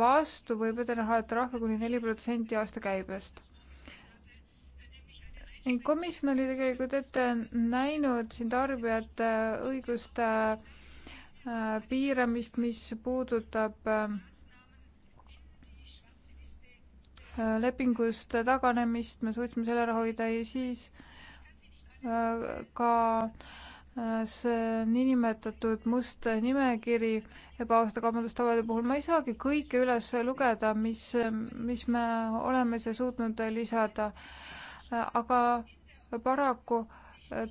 vastu võib ette näha trahve kuni neli protsenti aastakäibest. ning komisjon oli tegelikult ette näinud siin tarbijate õiguste äh, piiramist, mis puudutab äh, lepingust taganemist, me suutsime selle ära hoida ja siis äh, ka äh, see niinimetatud must nimekiri ebaausta kaubandustavade puhul, ma ei saagi kõike üles lugeda, mis, mis me oleme siia suutnud lisada. aga paraku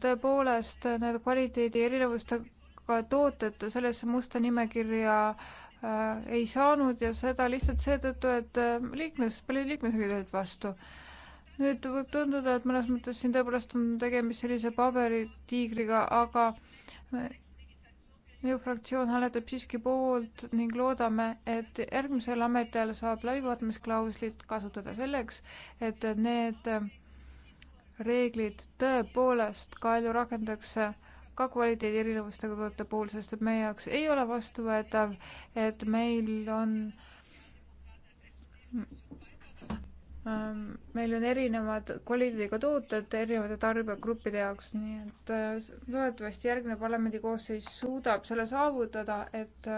tõepoolest need kvaliteedi erinevustega tooted sellesse musta nimekirja äh, ei saanud ja seda lihtsalt seetõttu, et äh, liikmes, paljud liikmesriigid olid vastu nüüd võib tunduda, et mõnes mõttes siin tõepoolest on tegemist sellise paberitiigriga, aga minu fraktsioon hääletab siiski poolt ning loodame, et järgmisel ametiajal saab läbivaatamisklauslit kasutada selleks, et need reeglid tõepoolest ka ellu rakendatakse ka kvaliteedi erinevustega toodete puhul, sest et meie jaoks ei ole vastuvõetav, et meil on Ähm, meil on erinevad kvaliteediga tooted erinevate tarbijagruppide jaoks, nii et äh, loodetavasti järgmine parlamendi koosseis suudab selle saavutada, et,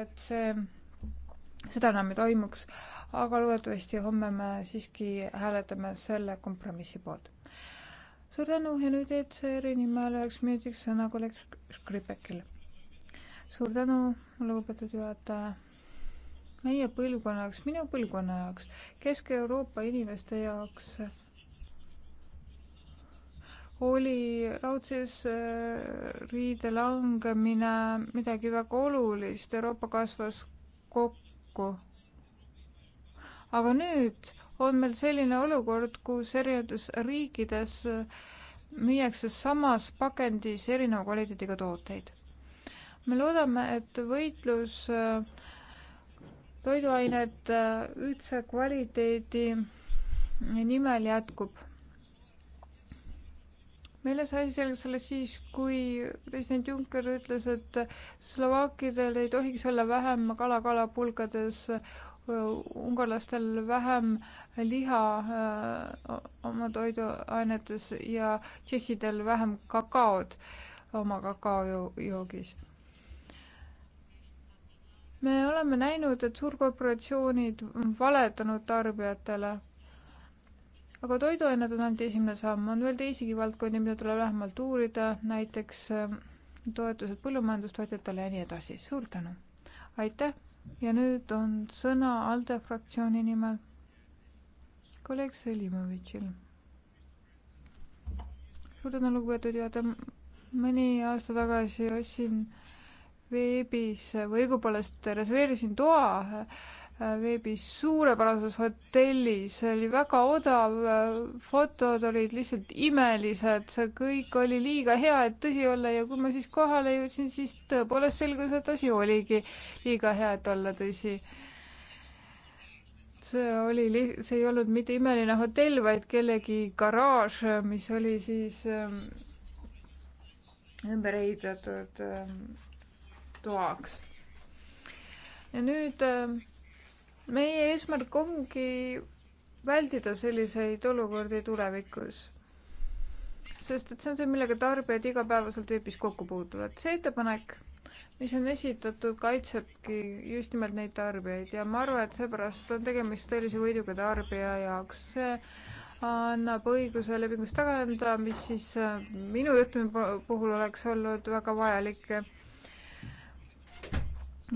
et see, seda enam ei toimuks. aga loodetavasti homme me siiski hääletame selle kompromissi poolt. suur tänu ja nüüd ECR-i nimel üheks minutiks sõna kolleeg Škripekile. suur tänu, lugupeetud juhataja meie põlvkonna jaoks, minu põlvkonna jaoks, Kesk-Euroopa inimeste jaoks oli raudses äh, riide langemine midagi väga olulist, Euroopa kasvas kokku. aga nüüd on meil selline olukord, kus erinevates riikides äh, müüakse samas pakendis erineva kvaliteediga tooteid. me loodame, et võitlus äh, toiduainete äh, üldse kvaliteedi nimel jätkub. meile sai selgeks alles siis, kui president Juncker ütles, et slovakkidel ei tohiks olla vähem kala kalapulkades, äh, ungarlastel vähem liha öö, äh, oma toiduainetes ja tšehhidel vähem kakaod oma kakaojoogis jo me oleme näinud, et suurkorporatsioonid on valetanud tarbijatele. aga toiduained on ainult esimene samm, on veel teisigi valdkondi, mida tuleb lähemalt uurida, näiteks ähm, toetused põllumajandustootjatele ja nii edasi. suur tänu! aitäh ja nüüd on sõna ALDE fraktsiooni nimel kolleeg Selimovitšil. suur tänu, lugupeetud juhataja. mõni aasta tagasi ostsin veebis või õigupoolest reserveerisin toa äh, veebis suurepärases hotellis, see oli väga odav, äh, fotod olid lihtsalt imelised, see kõik oli liiga hea, et tõsi olla ja kui ma siis kohale jõudsin, siis tõepoolest selgus, et asi oligi liiga hea, et olla tõsi. see oli, see ei olnud mitte imeline hotell, vaid kellegi garaaž, mis oli siis ähm, ümber ehitatud ähm, toaks. ja nüüd äh, meie eesmärk ongi vältida selliseid olukordi tulevikus. sest et see on see, millega tarbijad igapäevaselt veebis kokku puutuvad. see ettepanek, mis on esitatud, kaitsebki just nimelt neid tarbijaid ja ma arvan, et seepärast on tegemist tõelise võiduga tarbija jaoks. see annab õiguse lepingust taganeda, mis siis äh, minu juhtumi puhul oleks olnud väga vajalik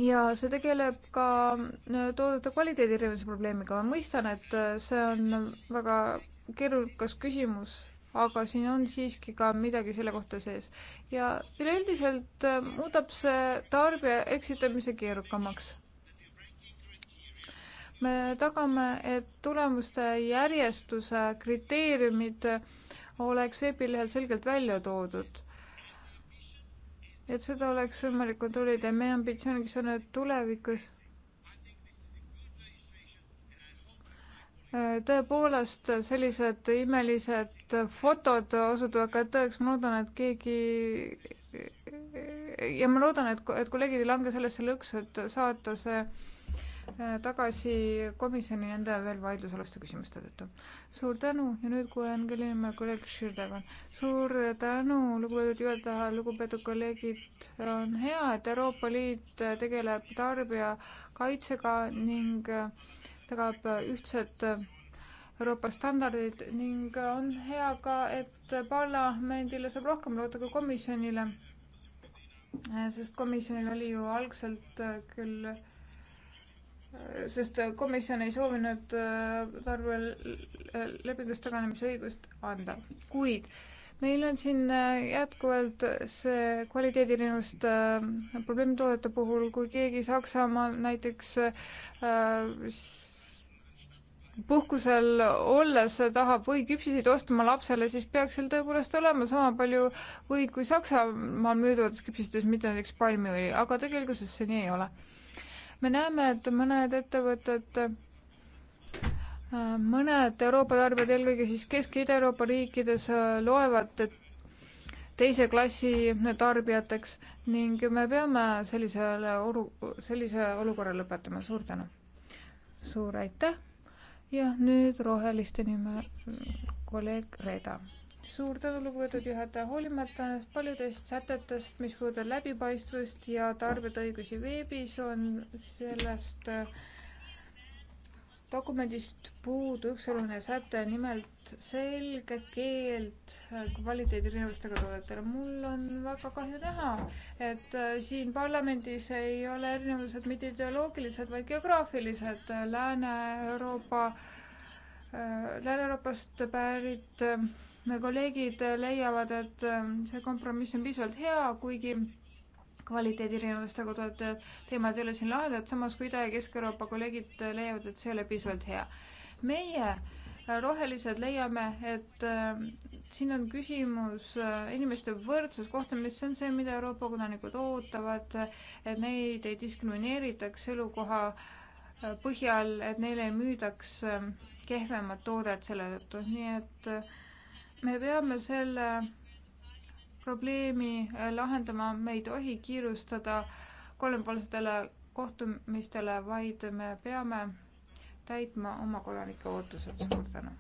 ja see tegeleb ka äh, toodete kvaliteedi erinemise probleemiga. ma mõistan, et äh, see on väga keerukas küsimus, aga siin on siiski ka midagi selle kohta sees. ja üleüldiselt äh, muudab see tarbija eksitamise keerukamaks. me tagame, et tulemuste järjestuse kriteeriumid oleks veebilehel selgelt välja toodud et seda oleks võimalik kontrollida. meie ambitsiooniks on, et tulevikus äh, tõepoolest sellised imelised fotod osutuvad ka tõeks, ma loodan, et keegi ja ma loodan, et, et kolleegid ei lange sellesse lõksu, et saata see Äh, tagasi komisjoni nende veel vaidlusaluste küsimuste tõttu. suur tänu ja nüüd kuulen kelle nimel kolleeg Širdevan. suur tänu, lugupeetud juhataja, lugupeetud kolleegid. on hea, et Euroopa Liit tegeleb tarbijakaitsega ning äh, tagab ühtsed äh, Euroopa standardid ning on hea ka, et parlamendile saab rohkem loota kui komisjonile sest komisjonil oli ju algselt küll sest komisjon ei soovinud äh, tarbijal äh, lepingust taganemise õigust anda, kuid meil on siin äh, jätkuvalt see kvaliteedirinnuste probleemtoodete puhul, kui keegi Saksamaal näiteks puhkusel olles tahab võiküpsiseid ostma lapsele, siis peaks seal tõepoolest olema sama palju võid kui Saksamaal müüdavates küpsistes, mitte näiteks palmiõli, aga tegelikkuses see nii ei ole me näeme, et mõned ettevõtted, äh, mõned Euroopa tarbijad, eelkõige siis Kesk- ja Ida-Euroopa riikides äh, loevad teise klassi tarbijateks ning me peame sellisele oru-, sellise olukorra lõpetama, suur tänu! suur aitäh ja nüüd roheliste nimel kolleeg Reeda suur tänu, lugupeetud juhataja, hoolimata paljudest sätetest, mis puudutab läbipaistvust ja tarbijate õigusi veebis, on sellest äh, dokumendist puudu üks oluline säte, nimelt selge keeld äh, kvaliteedirinevustega toodetele. mul on väga kahju näha, et äh, siin parlamendis ei ole erinevused mitte ideoloogilised, vaid geograafilised. Lääne-Euroopa, Lääne-Euroopast pärit me kolleegid leiavad, et ähm, see kompromiss on piisavalt hea, kuigi kvaliteedi erinevustega toodavad teemad ei ole siin lahendatud, samas kui Ida- ja Kesk-Euroopa kolleegid leiavad, et see ei ole piisavalt hea. meie äh, rohelised leiame, et äh, siin on küsimus äh, inimeste võrdses kohtlemises, see on see, mida Euroopa kodanikud ootavad, et neid ei diskrimineeritaks elukoha äh, põhjal, et neile ei müüdaks äh, kehvemat toodet selle tõttu, nii et äh, me peame selle probleemi äh, lahendama, me ei tohi kiirustada kolmepoolsetele kohtumistele, vaid me peame täitma oma kodanike ootused. suur tänu.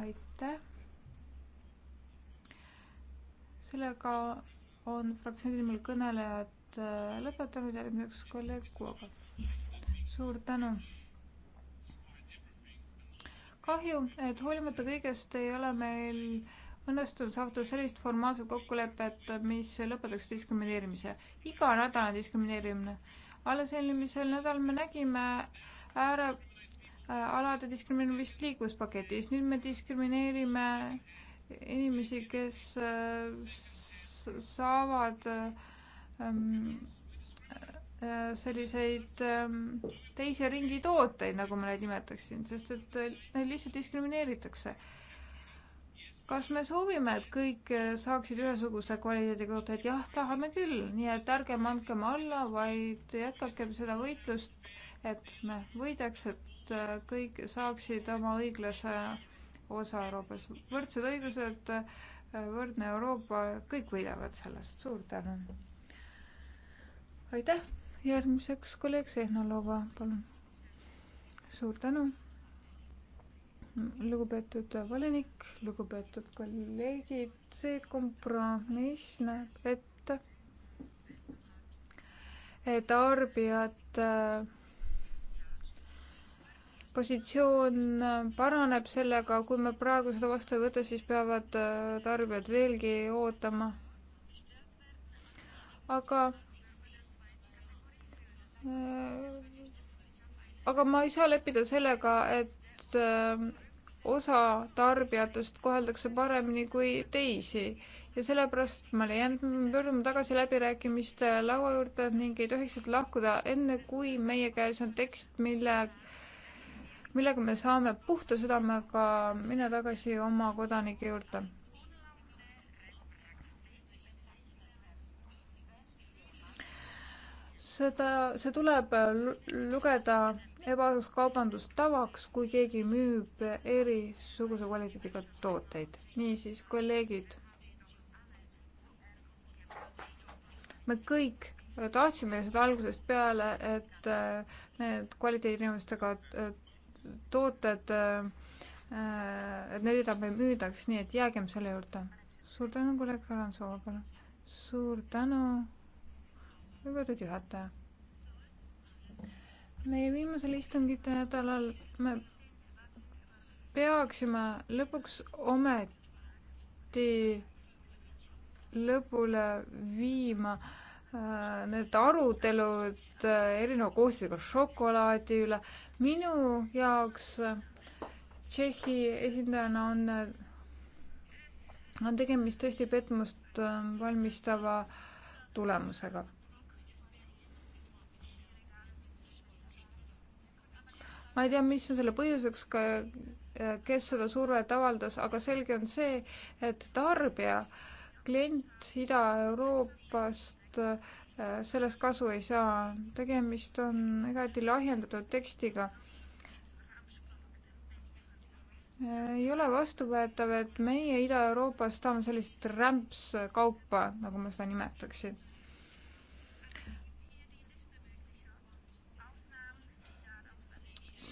aitäh. sellega on fraktsiooni nimel kõnelejad äh, lõpetanud, järgmiseks kolleeg Kuoga. suur tänu kahju, et hoolimata kõigest ei ole meil õnnestunud saavutada sellist formaalset kokkulepet, mis lõpetaks diskrimineerimise. iga nädal on diskrimineerimine. alles eelmisel nädalal me nägime äärealade äh, diskrimineerimist liikluspaketis, nüüd me diskrimineerime inimesi, kes äh, saavad ähm, Äh, selliseid ähm, teise ringi tooteid, nagu ma neid nimetaksin, sest et äh, neid lihtsalt diskrimineeritakse. kas me soovime, et kõik äh, saaksid ühesuguse kvaliteediga tooteid? jah, tahame küll, nii et ärgem andkem alla, vaid jätkakem seda võitlust, et me võidaks, et kõik saaksid oma õiglase osa Euroopas. võrdsed õigused, võrdne Euroopa, kõik võidavad sellest. suur tänu! aitäh! järgmiseks kolleeg Sehnalova, palun. suur tänu. lugupeetud volinik, lugupeetud kolleegid, see kompromiss näeb ette et tarbijate äh, positsioon paraneb sellega, kui me praegu seda vastu ei võta, siis peavad äh, tarbijad veelgi ootama. aga Äh, aga ma ei saa leppida sellega, et äh, osa tarbijatest koheldakse paremini kui teisi ja sellepärast ma leian, et me pöördume tagasi läbirääkimiste laua juurde ning ei tohiks sealt lahkuda enne, kui meie käes on tekst, mille, millega me saame puhta südamega minna tagasi oma kodanike juurde seda, see tuleb lugeda ebaaus kaubandustavaks, kui keegi müüb erisuguse kvaliteediga tooteid. niisiis, kolleegid, me kõik tahtsime seda algusest peale, et äh, need kvaliteediinimestega äh, tooted, äh, et neid enam ei müüdaks, nii et jäägem selle juurde. suur tänu, kolleeg Karansova, palun. suur tänu lugupeetud juhataja. meie viimasel istungite nädalal me peaksime lõpuks ometi lõpule viima äh, need arutelud äh, erineva koostisega šokolaadi üle. minu jaoks äh, Tšehhi esindajana on, on tegemist tõesti petmust valmistava tulemusega. ma ei tea, mis on selle põhjuseks, äh, kes seda survet avaldas, aga selge on see, et tarbija, klient Ida-Euroopast äh, sellest kasu ei saa. tegemist on igati lahjendatud tekstiga äh, ei ole vastuvõetav, et meie Ida-Euroopas tahame sellist rämpskaupa, nagu ma seda nimetaksin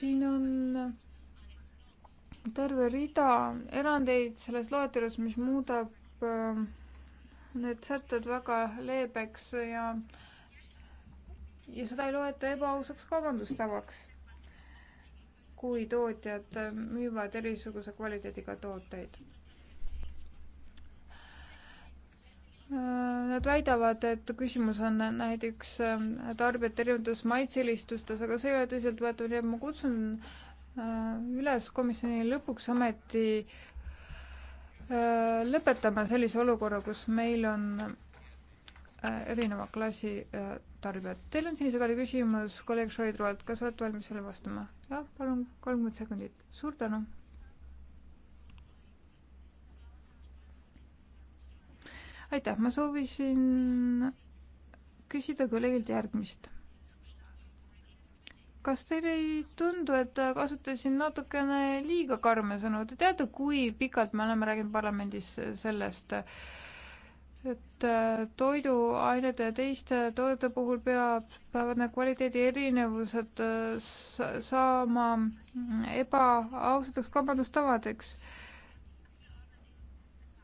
siin on terve rida erandeid selles loetelus, mis muudab ähm, need sätted väga leebeks ja, ja seda ei loeta ebaausaks kaubandustavaks, kui tootjad äh, müüvad erisuguse kvaliteediga tooteid Nad väidavad, et küsimus on näiteks ähm, tarbijate erinevates maitseelistustes, aga see ei ole tõsiseltvõetav, nii et ma kutsun äh, üles komisjoni lõpuks ometi äh, lõpetama sellise olukorra, kus meil on äh, erineva klassi tarbijad. Teil on sinise kaardi küsimus kolleeg Šoidroelt, kas olete valmis sellele vastama? jah, palun, kolmkümmend sekundit. suur tänu aitäh, ma soovisin küsida kolleegilt järgmist. kas teile ei tundu, et kasutasin natukene liiga karme sõnu, te teate, kui pikalt me oleme rääkinud parlamendis sellest, et toiduainete ja teiste toodete puhul peab, peavad need kvaliteedi erinevused äh, saama ebaaustateks kaubandustavadeks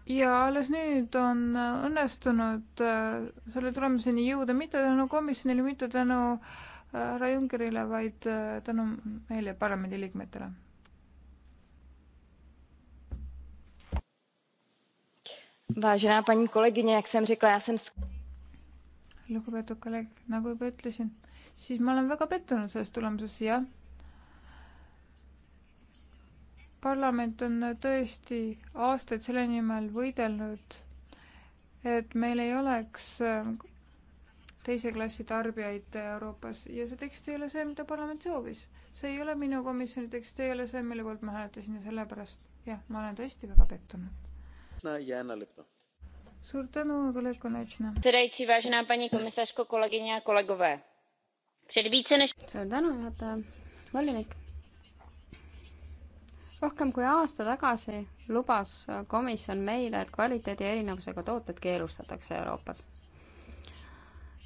ja alles nüüd on õnnestunud äh, selle tulemuseni jõuda mitte tänu komisjonile, mitte tänu äh, härra Junckerile, vaid äh, tänu meile parlamendiliikmetele. Vážená paní kolegyně, jak jsem řekla, já jsem... Lugupeetud kolleeg, nagu juba ütlesin, siis ma olen väga pettunud selles tulemuses, jah parlament on tõesti aastaid selle nimel võidelnud, et meil ei oleks ähm, teise klassi tarbijaid Euroopas ja see tekst ei ole see, mida parlament soovis. see ei ole minu komisjoni tekst, ei ole see, mille poolt ma hääletasin ja sellepärast jah, ma olen tõesti väga pettunud no,. suur tänu, kolleeg Konechna. suur tänu, juhataja, volinik rohkem kui aasta tagasi lubas komisjon meile, et kvaliteedi erinevusega tooted keelustatakse Euroopas.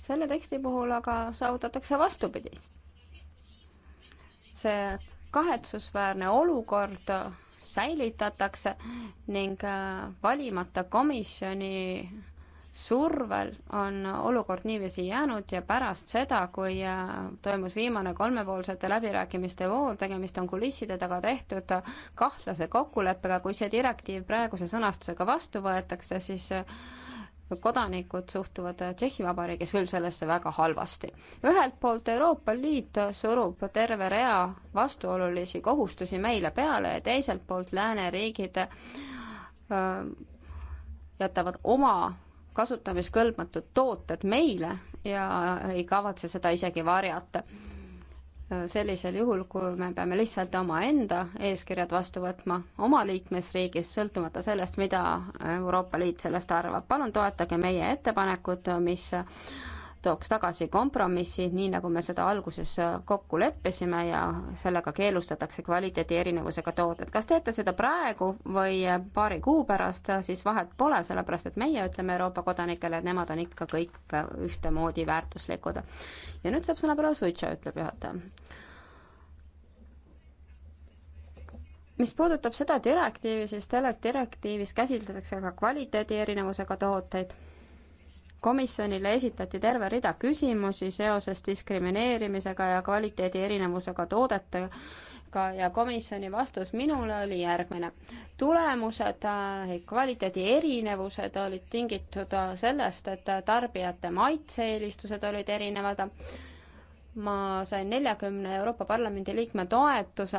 selle teksti puhul aga saavutatakse vastupidist. see kahetsusväärne olukord säilitatakse ning valimata komisjoni survel on olukord niiviisi jäänud ja pärast seda, kui äh, toimus viimane kolmepoolsete läbirääkimiste voor, tegemist on kulisside taga tehtud kahtlase kokkuleppega, kui see direktiiv praeguse sõnastusega vastu võetakse, siis äh, kodanikud suhtuvad Tšehhi Vabariigis küll sellesse väga halvasti. ühelt poolt Euroopa Liit surub terve rea vastuolulisi kohustusi meile peale ja teiselt poolt lääneriigid äh, jätavad oma kasutamiskõlbmatud tooted meile ja ei kavatse seda isegi varjata. sellisel juhul, kui me peame lihtsalt omaenda eeskirjad vastu võtma oma liikmesriigis, sõltumata sellest, mida Euroopa Liit sellest arvab. palun toetage meie ettepanekut, mis tooks tagasi kompromissi, nii nagu me seda alguses äh, kokku leppisime ja sellega keelustatakse kvaliteedi erinevusega tooted. kas teete seda praegu või äh, paari kuu pärast, äh, siis vahet pole, sellepärast et meie ütleme Euroopa kodanikele, et nemad on ikka kõik ühtemoodi väärtuslikud. ja nüüd saab sõna proua Suitša, ütleb juhataja. mis puudutab seda direktiivi, siis direktiivis käsitletakse ka kvaliteedi erinevusega tooteid komisjonile esitati terve rida küsimusi seoses diskrimineerimisega ja kvaliteedi erinevusega toodetega ja komisjoni vastus minule oli järgmine. tulemused, äh, kvaliteedi erinevused olid tingitud äh, sellest, et äh, tarbijate maitse-eelistused olid erinevad. ma sain neljakümne Euroopa Parlamendi liikme toetuse,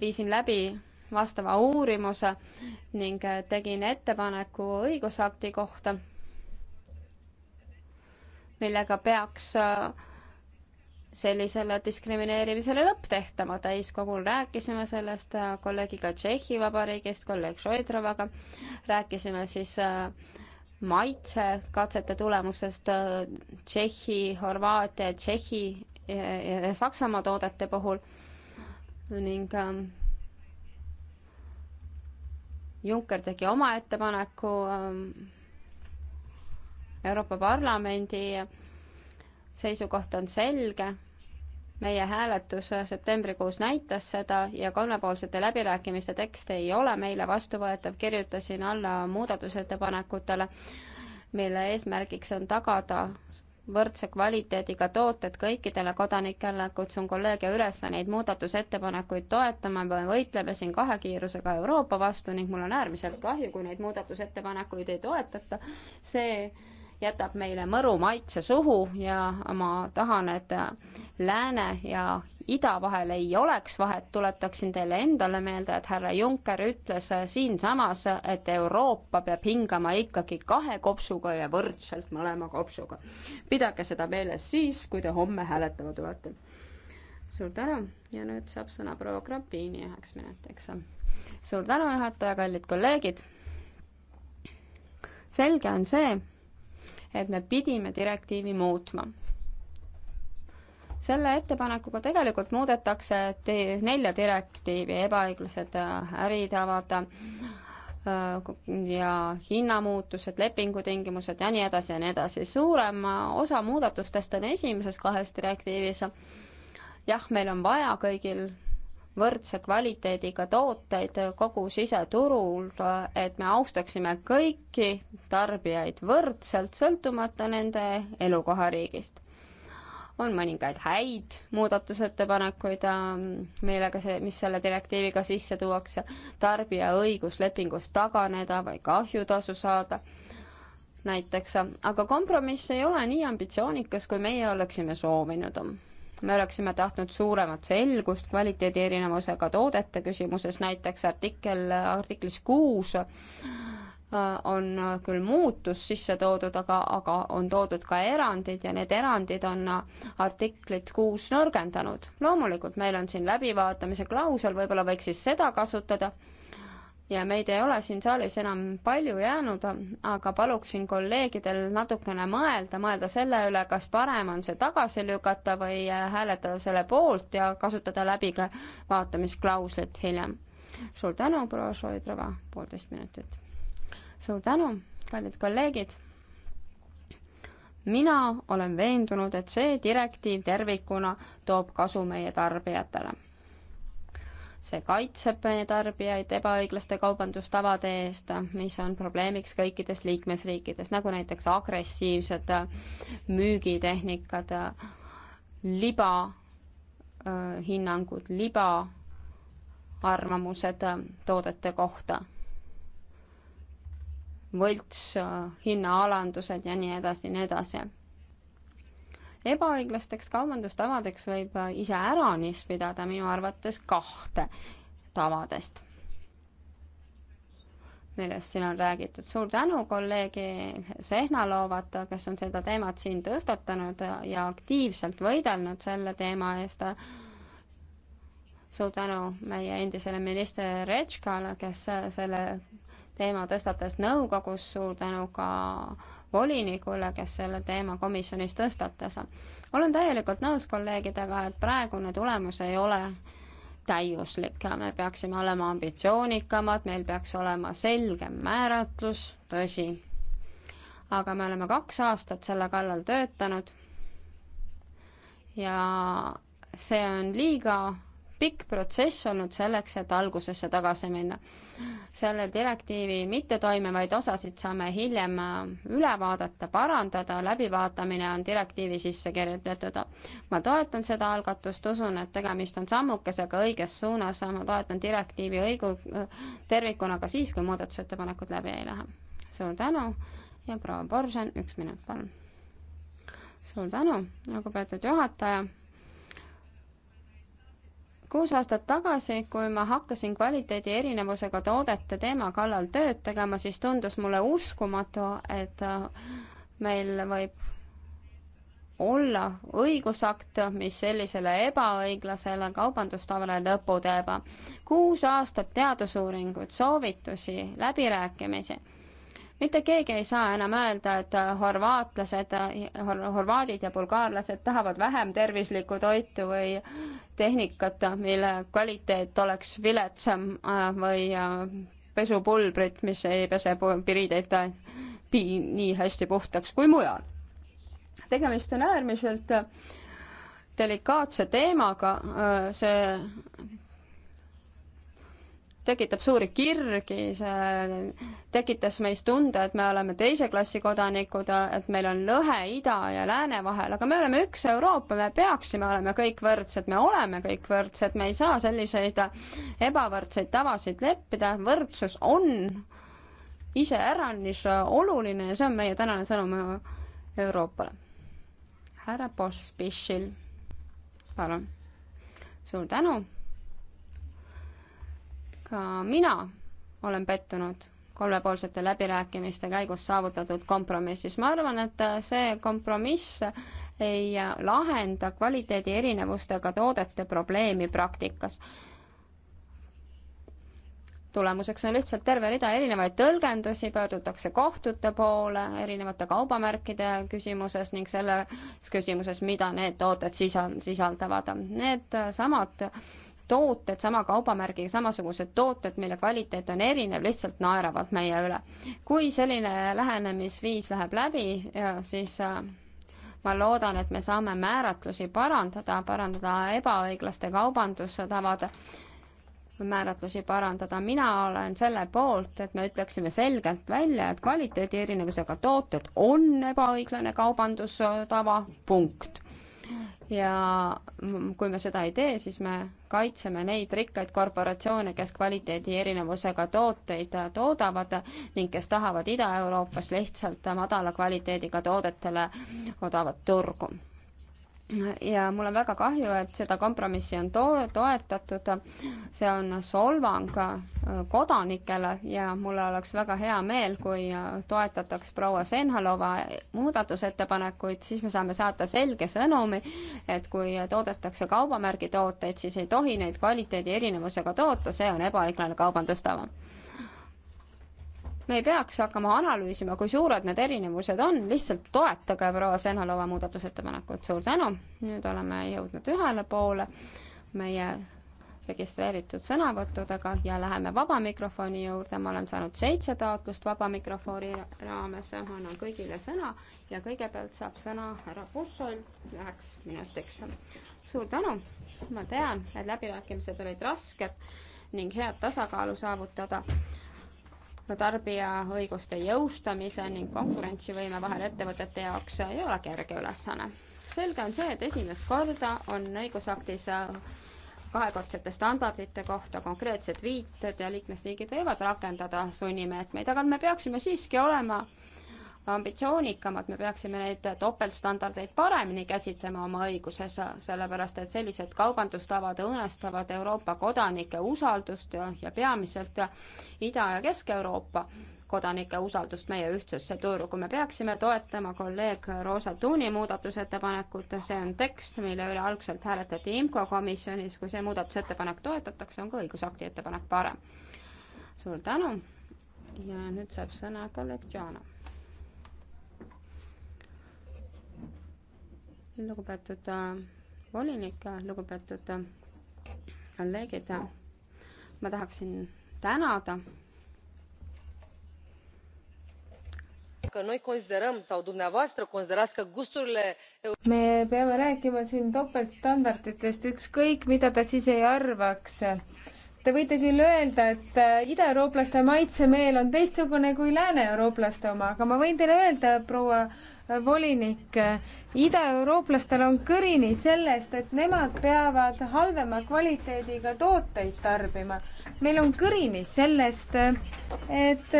viisin läbi vastava uurimuse ning tegin ettepaneku õigusakti kohta millega peaks äh, sellisele diskrimineerimisele lõpp tehtama. täiskogul rääkisime sellest äh, kolleegiga Tšehhi Vabariigist, kolleeg Šoidrovaga, rääkisime siis äh, maitsekatsete tulemustest Tšehhi, Horvaatia, Tšehhi ja Saksamaa toodete puhul ning Juncker tegi oma ettepaneku Euroopa Parlamendi seisukoht on selge, meie hääletus septembrikuus näitas seda ja kolmepoolsete läbirääkimiste tekst ei ole meile vastuvõetav, kirjutasin alla muudatusettepanekutele, mille eesmärgiks on tagada võrdse kvaliteediga tooted kõikidele kodanikele, kutsun kolleege üles neid muudatusettepanekuid toetama, me võitleme siin kahe kiirusega Euroopa vastu ning mul on äärmiselt kahju, kui neid muudatusettepanekuid ei toetata, see jätab meile mõru maitse suhu ja ma tahan, et lääne ja ida vahel ei oleks vahet, tuletaksin teile endale meelde, et härra Juncker ütles siinsamas, et Euroopa peab hingama ikkagi kahe kopsuga ja võrdselt mõlema kopsuga. pidage seda meeles siis, kui te homme hääletama tulete. suur tänu ja nüüd saab sõna proua Krapini üheks minutiks. suur tänu, juhataja, kallid kolleegid. selge on see, et me pidime direktiivi muutma. selle ettepanekuga tegelikult muudetakse nelja direktiivi, ebaõiglased äh, äritavad äh, ja hinnamuutused, lepingutingimused ja nii edasi ja nii edasi. suurem osa muudatustest on esimeses kahes direktiivis. jah, meil on vaja kõigil võrdse kvaliteediga tooteid kogu siseturul, et me austaksime kõiki tarbijaid võrdselt, sõltumata nende elukohariigist. on mõningaid häid muudatusettepanekuid, äh, millega see, mis selle direktiiviga sisse tuuakse, tarbija õigus lepingust taganeda või kahjutasu saada näiteks, aga kompromiss ei ole nii ambitsioonikas, kui meie oleksime soovinud me oleksime tahtnud suuremat selgust kvaliteedi erinevusega toodete küsimuses, näiteks artikkel, artiklis kuus äh, on küll muutus sisse toodud, aga, aga on toodud ka erandid ja need erandid on artiklit kuus nõrgendanud. loomulikult meil on siin läbivaatamise klausel, võib-olla võiks siis seda kasutada ja meid ei ole siin saalis enam palju jäänud, aga paluksin kolleegidel natukene mõelda, mõelda selle üle, kas parem on see tagasi lükata või hääletada selle poolt ja kasutada läbi ka vaatamisklauslit hiljem. suur tänu, proua Šoidrova, poolteist minutit. suur tänu, kallid kolleegid. mina olen veendunud, et see direktiiv tervikuna toob kasu meie tarbijatele see kaitseb meie tarbijaid ebaõiglaste kaubandustavade eest, mis on probleemiks kõikides liikmesriikides, nagu näiteks agressiivsed müügitehnikad, libahinnangud, libaarvamused toodete kohta, võlts hinnaalandused ja nii edasi ja nii edasi ebaõiglasteks kaubandustavadeks võib äh, iseäranis pidada minu arvates kahte tavadest, millest siin on räägitud. suur tänu kolleegi Sehnalovat, kes on seda teemat siin tõstatanud ja aktiivselt võidelnud selle teema eest. suur tänu meie endisele minister Retškale, kes selle teema tõstatas nõukogus, suur tänu ka volinikule, kes selle teema komisjonis tõstatas. olen täielikult nõus kolleegidega, et praegune tulemus ei ole täiuslik, me peaksime olema ambitsioonikamad, meil peaks olema selgem määratlus, tõsi. aga me oleme kaks aastat selle kallal töötanud ja see on liiga pikk protsess olnud selleks, et algusesse tagasi minna selle direktiivi mittetoimivaid osasid saame hiljem äh, üle vaadata, parandada, läbivaatamine on direktiivi sisse kirjutatud. ma toetan seda algatust, usun, et tegemist on sammukesega õiges suunas, ma toetan direktiivi õigu tervikuna ka siis, kui muudatusettepanekud läbi ei lähe. suur tänu ja proua Boržan, üks minut, palun. suur tänu, lugupeetud juhataja kuus aastat tagasi, kui ma hakkasin kvaliteedi erinevusega toodete teema kallal tööd tegema, siis tundus mulle uskumatu, et äh, meil võib olla õigusakt, mis sellisele ebaõiglasele kaubandustavale lõpu teeb. kuus aastat teadusuuringuid, soovitusi, läbirääkimisi mitte keegi ei saa enam öelda, et horvaatlased hor, horvaadid ja bulgaarlased tahavad vähem tervislikku toitu või tehnikat, mille kvaliteet oleks viletsam äh, või äh, pesupulbrit, mis ei pese piriideid nii hästi puhtaks kui mujal. tegemist on äärmiselt äh, delikaatse teemaga, see tekitab suuri kirgi, see tekitas meis tunde, et me oleme teise klassi kodanikud, et meil on lõhe ida ja lääne vahel, aga me oleme üks Euroopa, me peaksime olema kõik võrdsed, me oleme kõik võrdsed, me ei saa selliseid ebavõrdseid tavasid leppida, võrdsus on iseäranis oluline ja see on meie tänane sõnum Euroopale. härra Pospišil, palun. suur tänu ka mina olen pettunud kolmepoolsete läbirääkimiste käigus saavutatud kompromissis. ma arvan, et see kompromiss ei lahenda kvaliteedi erinevustega toodete probleemi praktikas. tulemuseks on lihtsalt terve rida erinevaid tõlgendusi, pöördutakse kohtute poole erinevate kaubamärkide küsimuses ning selles küsimuses, mida need tooted sisal-, sisaldavad. Need samad tooted, sama kaubamärgiga samasugused tooted, mille kvaliteet on erinev, lihtsalt naeravad meie üle. kui selline lähenemisviis läheb läbi, siis äh, ma loodan, et me saame määratlusi parandada, parandada ebaõiglaste kaubandustavade määratlusi parandada, mina olen selle poolt, et me ütleksime selgelt välja, et kvaliteedi erinevusega tooted on ebaõiglane kaubandustava, punkt ja kui me seda ei tee, siis me kaitseme neid rikkaid korporatsioone, kes kvaliteedi erinevusega tooteid toodavad ning kes tahavad Ida-Euroopas lihtsalt madala kvaliteediga toodetele odavat turgu ja mul on väga kahju, et seda kompromissi on to-, toetatud, see on solvang äh, kodanikele ja mul oleks väga hea meel, kui äh, toetataks proua Senhalova muudatusettepanekuid, siis me saame saata selge sõnumi, et kui toodetakse kaubamärgi tooteid, siis ei tohi neid kvaliteedi erinevusega toota, see on ebaõiglane kaubandustava me ei peaks hakkama analüüsima, kui suured need erinevused on, lihtsalt toetage proua Senalova muudatusettepanekut, suur tänu. nüüd oleme jõudnud ühele poole meie registreeritud sõnavõttudega ja läheme vaba mikrofoni juurde, ma olen saanud seitse taotlust vaba mikrofoni raames, annan kõigile sõna ja kõigepealt saab sõna härra Bussol üheks minutiks. suur tänu, ma tean, et läbirääkimised olid rasked ning head tasakaalu saavutada tarbija õiguste jõustamise ning konkurentsivõime vahel ettevõtete jaoks ei ole kerge ülesanne. selge on see, et esimest korda on õigusaktis äh, kahekordsete standardite kohta konkreetsed viited ja liikmesriigid võivad rakendada sunnimeetmeid, aga me peaksime siiski olema ambitsioonikamad, me peaksime neid topeltstandardeid paremini käsitlema oma õiguses, sellepärast et sellised kaubandustavad õõnestavad Euroopa kodanike usaldust ja, ja peamiselt Ida- ja Kesk-Euroopa kodanike usaldust meie ühtsesse turgu. me peaksime toetama kolleeg Roosa Tuuni muudatusettepanekut, see on tekst, mille üle algselt hääletati IMCO komisjonis, kui see muudatusettepanek toetatakse, on ka õigusakti ettepanek parem. suur tänu ja nüüd saab sõna kolleeg Joana lugupeetud äh, volinik, äh, lugupeetud äh, kolleegid, ma tahaksin tänada. me peame rääkima siin topeltstandarditest, ükskõik mida ta siis ei arvaks. Te võite küll öelda, et idaeurooplaste maitsemeel on teistsugune kui lääne-eurooplaste oma, aga ma võin teile öelda, proua volinik, idaeurooplastel on kõrini sellest, et nemad peavad halvema kvaliteediga tooteid tarbima. meil on kõrini sellest, et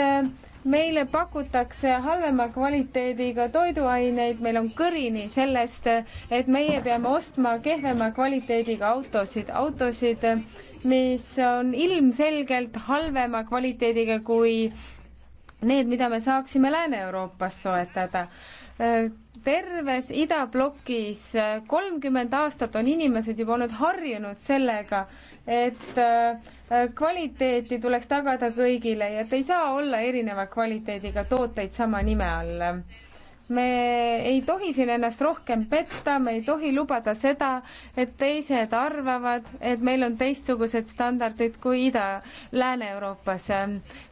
meile pakutakse halvema kvaliteediga toiduaineid, meil on kõrini sellest, et meie peame ostma kehvema kvaliteediga autosid, autosid, mis on ilmselgelt halvema kvaliteediga kui need, mida me saaksime Lääne-Euroopas soetada terves idablokis kolmkümmend aastat on inimesed juba olnud harjunud sellega, et äh, kvaliteeti tuleks tagada kõigile ja et ei saa olla erineva kvaliteediga tooteid sama nime all me ei tohi siin ennast rohkem petta, me ei tohi lubada seda, et teised arvavad, et meil on teistsugused standardid kui Ida, Lääne-Euroopas.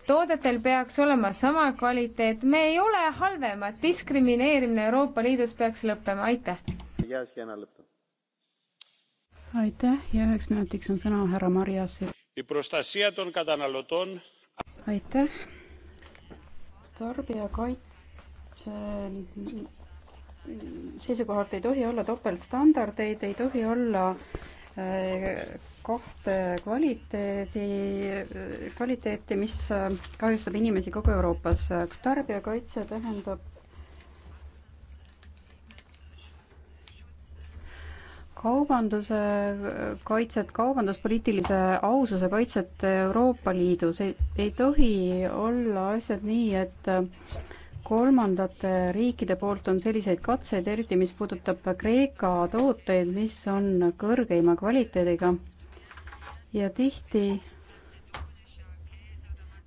toodetel peaks olema sama kvaliteet, me ei ole halvemad, diskrimineerimine Euroopa Liidus peaks lõppema, aitäh. aitäh ja üheks minutiks on sõna härra Marjasil. aitäh tarbijakaitse seisukohalt ei tohi olla topeltstandardeid, ei tohi olla äh, kahte kvaliteedi, kvaliteeti, mis äh, kahjustab inimesi kogu Euroopas. tarbijakaitse tähendab kaubanduse äh, kaitset, kaubanduspoliitilise aususe kaitset Euroopa Liidus ei, ei tohi olla asjad nii, et kolmandate riikide poolt on selliseid katseid, eriti mis puudutab Kreeka tooteid, mis on kõrgeima kvaliteediga ja tihti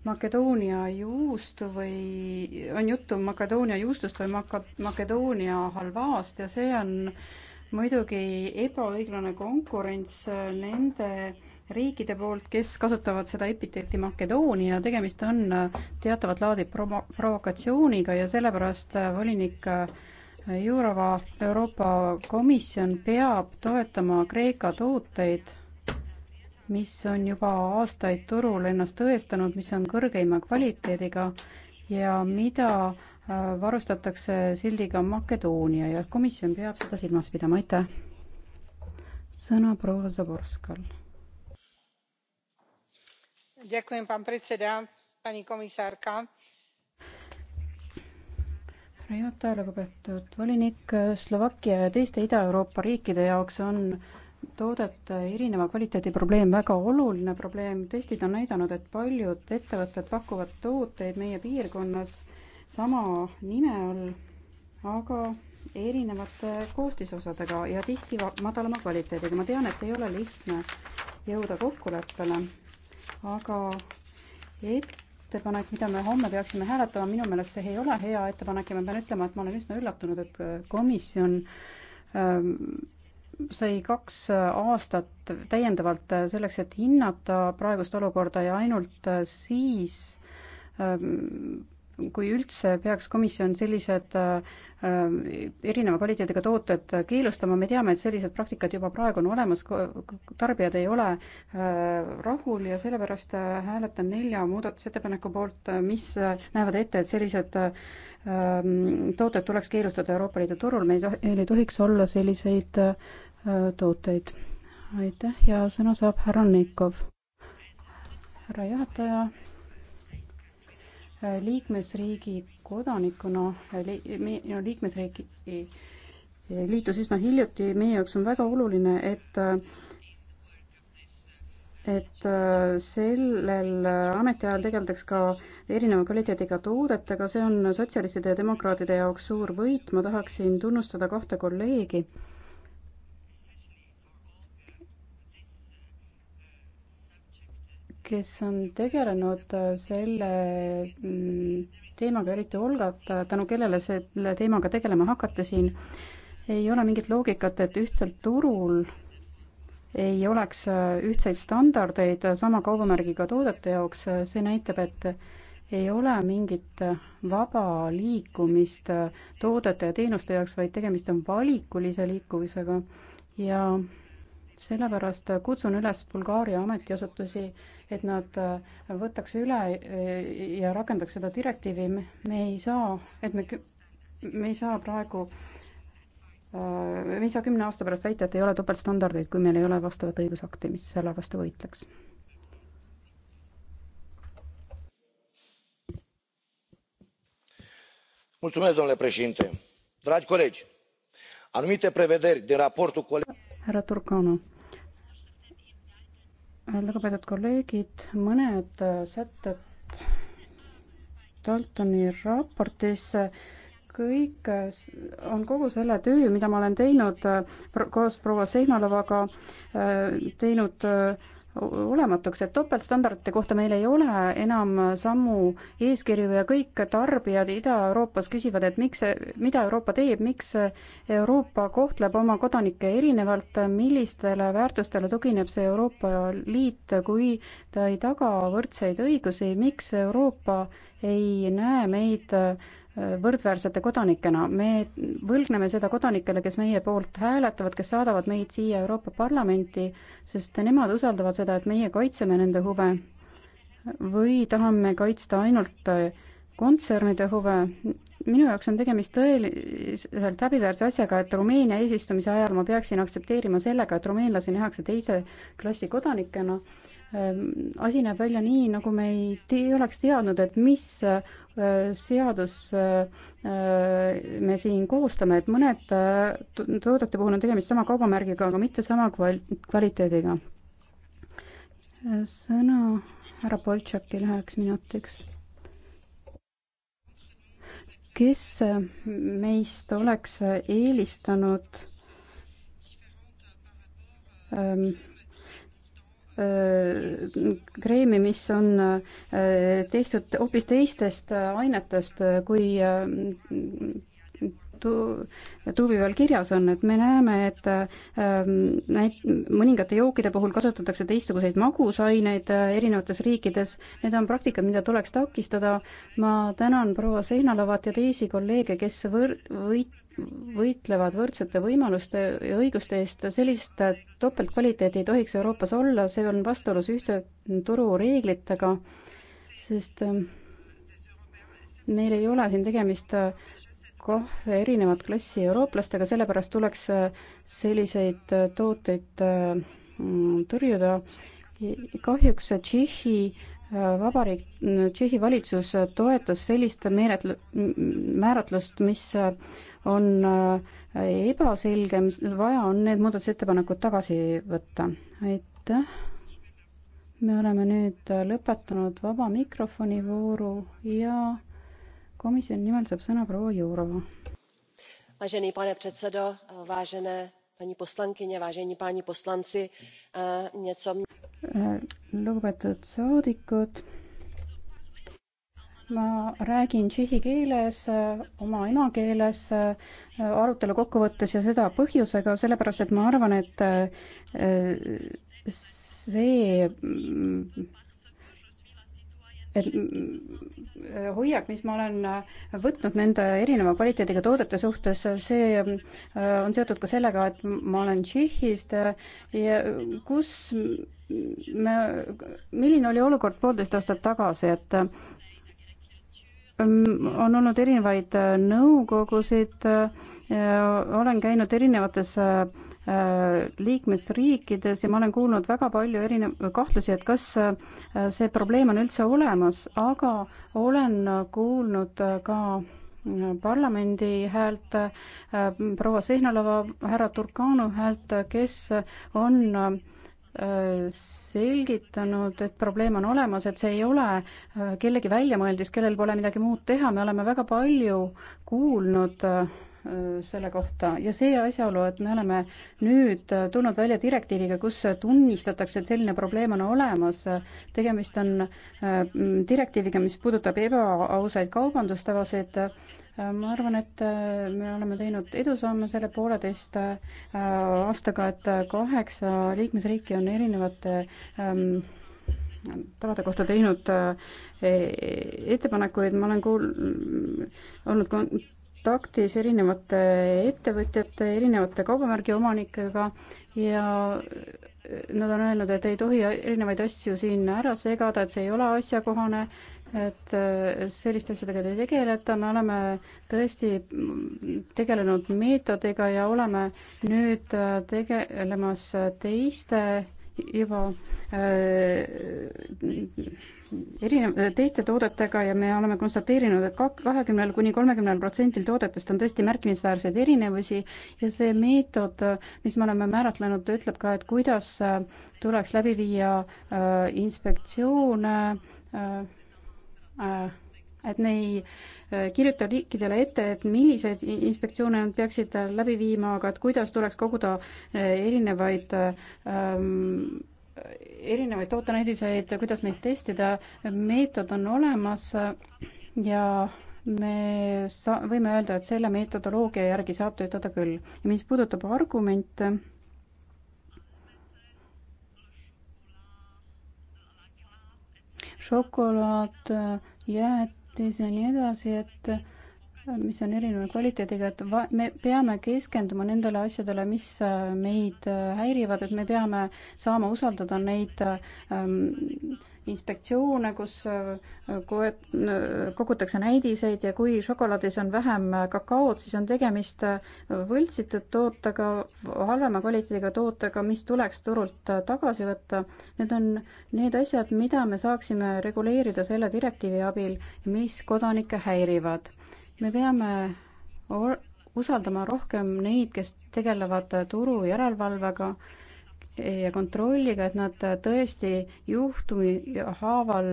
Makedoonia juustu või on juttu Makedoonia juustust või maka-, Makedoonia halvaast ja see on muidugi ebaõiglane konkurents nende riikide poolt, kes kasutavad seda epiteeti Makedoonia, tegemist on äh, teatavat laadi provo-, provokatsiooniga ja sellepärast äh, volinik äh, Jurova Euroopa Komisjon peab toetama Kreeka tooteid, mis on juba aastaid turul ennast tõestanud, mis on kõrgeima kvaliteediga ja mida varustatakse sildiga Makedoonia ja komisjon peab seda silmas pidama, aitäh. sõna proua Zaborskal pán predseda pani komisárka juhataja lugupeetud volinik slovakkia ja teiste ida euroopa riikide jaoks on toodete erineva kvaliteedi probleem väga oluline probleem testid on näidanud et paljud ettevõtted pakuvad tooteid meie piirkonnas sama nime all aga erinevate koostisosadega ja tihti madalama kvaliteediga ma tean et ei ole lihtne jõuda kokkuleppele aga ettepanek, mida me homme peaksime hääletama, minu meelest see ei ole hea ettepanek ja ma pean ütlema, et ma olen üsna üllatunud, et äh, komisjon ähm, sai kaks äh, aastat täiendavalt äh, selleks, et hinnata praegust olukorda ja ainult siis ähm, kui üldse peaks komisjon sellised äh, äh, erineva kvaliteediga tooted keelustama, me teame, et sellised praktikad juba praegu on olemas, tarbijad ei ole äh, rahul ja sellepärast hääletan nelja muudatusettepaneku poolt, mis näevad ette, et sellised ähm, tooted tuleks keelustada Euroopa Liidu turul, meil ei tohi, meil ei tohiks olla selliseid tooteid. aitäh ja sõna saab härra Neikov. härra juhataja liikmesriigi kodanikuna li,, minu liikmesriik liitus üsna hiljuti, meie jaoks on väga oluline, et et sellel ametiajal tegeldaks ka erineva kvaliteediga toodetega, see on sotsialistide ja demokraatide jaoks suur võit, ma tahaksin tunnustada kahte kolleegi kes on tegelenud äh, selle mm, teemaga, eriti Olgat, äh, tänu kellele selle teemaga tegelema hakata siin, ei ole mingit loogikat, et ühtsel turul ei oleks äh, ühtseid standardeid sama kaubamärgiga toodete jaoks, see näitab, et ei ole mingit vaba liikumist toodete ja teenuste jaoks, vaid tegemist on valikulise liikuvusega ja sellepärast kutsun üles Bulgaaria ametiasutusi, et nad äh, võtaks üle äh, ja rakendaks seda direktiivi. me ei saa, et me, me ei saa praegu, äh, me ei saa kümne aasta pärast väita, et ei ole topeltstandardeid, kui meil ei ole vastavat õigusakti, mis selle vastu võitleks. domnule președinte dragi colegi anumite prevederi din raportul colegei härra Turkanu. lugupeetud kolleegid, mõned sätted Daltoni raportis kõik on kogu selle töö, mida ma olen teinud koos proua Sehnalovaga, teinud olematuks, et topeltstandardite kohta meil ei ole enam samu eeskirju ja kõik tarbijad Ida-Euroopas küsivad, et miks, mida Euroopa teeb, miks Euroopa kohtleb oma kodanikke erinevalt, millistele väärtustele tugineb see Euroopa Liit, kui ta ei taga võrdseid õigusi, miks Euroopa ei näe meid äh, võrdväärsete kodanikena. me võlgneme seda kodanikele, kes meie poolt hääletavad, kes saadavad meid siia Euroopa Parlamenti, sest nemad usaldavad seda, et meie kaitseme nende huve või tahame kaitsta ainult kontsernide huve. minu jaoks on tegemist tõeliselt häbiväärse asjaga, et Rumeenia eesistumise ajal ma peaksin aktsepteerima sellega, et rumeenlasi nähakse teise klassi kodanikena ehm, asi näeb välja nii, nagu me ei te, oleks teadnud, et mis seadus äh, me siin koostame, et mõned äh, toodete puhul on tegemist sama kaubamärgiga, aga mitte sama kval-, kvaliteediga. sõna härra Boltšakil üheks minutiks kes meist oleks eelistanud ähm, Äh, kreemi, mis on äh, tehtud hoopis teistest äh, ainetest, kui tu-, tuubi peal kirjas on, et me näeme, et ähm, näit-, mõningate jookide puhul kasutatakse teistsuguseid magusaineid äh, erinevates riikides, need on praktikad, mida tuleks takistada, ma tänan proua Seinalavat ja teisi kolleege, kes võr-, võit-, võitlevad võrdsete võimaluste ja õiguste eest, sellist topeltkvaliteeti ei tohiks Euroopas olla, see on vastuolus ühtse turu reeglitega, sest ähm, meil ei ole siin tegemist äh, kahve erinevat klassi eurooplastega, sellepärast tuleks äh, selliseid äh, tooteid mm, tõrjuda. kahjuks Tšehhi vabariik, Tšehhi valitsus toetas sellist meelet-, määratlust, mis on äh, ebaselgem, vaja on need muudatusettepanekud tagasi võtta. aitäh. me oleme nüüd äh, lõpetanud vaba mikrofoni vooru ja komisjoni nimel saab sõna proua Jourova. Vážený pane předsedo, vážené paní poslankyně, vážení páni poslanci, äh, něco lugupeetud saadikud ma räägin tšehhi keeles, oma emakeeles äh, arutelu kokkuvõttes ja seda põhjusega, sellepärast et ma arvan, et äh, see et äh, hoiak, mis ma olen võtnud nende erineva kvaliteediga toodete suhtes, see on seotud ka sellega, et ma olen Tšehhist ja kus me, milline oli olukord poolteist aastat tagasi, et on olnud erinevaid äh, nõukogusid, äh, olen käinud erinevates äh, liikmesriikides ja ma olen kuulnud väga palju erinev-, kahtlusi, et kas see probleem on üldse olemas, aga olen kuulnud ka parlamendi häält, proua Sehnalova, härra Turkanu häält, kes on äh, Äh, selgitanud, et probleem on olemas, et see ei ole äh, kellegi väljamõeldis, kellel pole midagi muud teha, me oleme väga palju kuulnud äh, selle kohta ja see asjaolu, et me oleme nüüd tulnud välja direktiiviga, kus tunnistatakse, et selline probleem on olemas, tegemist on direktiiviga, mis puudutab ebaausaid kaubandustavasid, ma arvan, et äh, me oleme teinud edusamme selle pooleteist äh, aastaga, et äh, kaheksa liikmesriiki on erinevate ähm, tavade kohta teinud e-, ettepanekuid, ma olen kuul-, olnud kontaktis erinevate ettevõtjate, erinevate kaubamärgi omanikega ja nad on öelnud, et ei tohi erinevaid asju siin ära segada, et see ei ole asjakohane et äh, selliste asjadega ei tegeleta, me oleme tõesti tegelenud meetodiga ja oleme nüüd äh, tegelemas teiste juba äh, erinev, teiste toodetega ja me oleme konstateerinud et, et kahekümnel kuni kolmekümnel protsendil toodetest on tõesti märkimisväärseid erinevusi ja see meetod, mis me oleme määratlenud, ütleb ka, et kuidas tuleks läbi viia inspektsioone Äh, et me ei äh, kirjuta riikidele ette, et milliseid inspektsioone nad peaksid äh, läbi viima, aga et kuidas tuleks koguda erinevaid ähm, erinevaid tootenäidiseid, kuidas neid testida, meetod on olemas ja me sa-, võime öelda, et selle metodoloogia järgi saab töötada küll. ja mis puudutab argumente, šokolaad, jäätis ja nii edasi, et mis on erineva kvaliteediga, et va-, me peame keskenduma nendele asjadele, mis äh, meid äh, häirivad, et me peame saama usaldada neid ähm, inspektsioone, kus äh, koet-, äh, kogutakse näidiseid ja kui šokolaadis on vähem äh, kakaod, siis on tegemist võltsitud tootega, halvema kvaliteediga tootega, mis tuleks turult tagasi võtta. Need on need asjad, mida me saaksime reguleerida selle direktiivi abil, mis kodanikke häirivad. me peame usaldama rohkem neid, kes tegelevad turu järelevalvega ja kontrolliga, et nad tõesti juhtumi haaval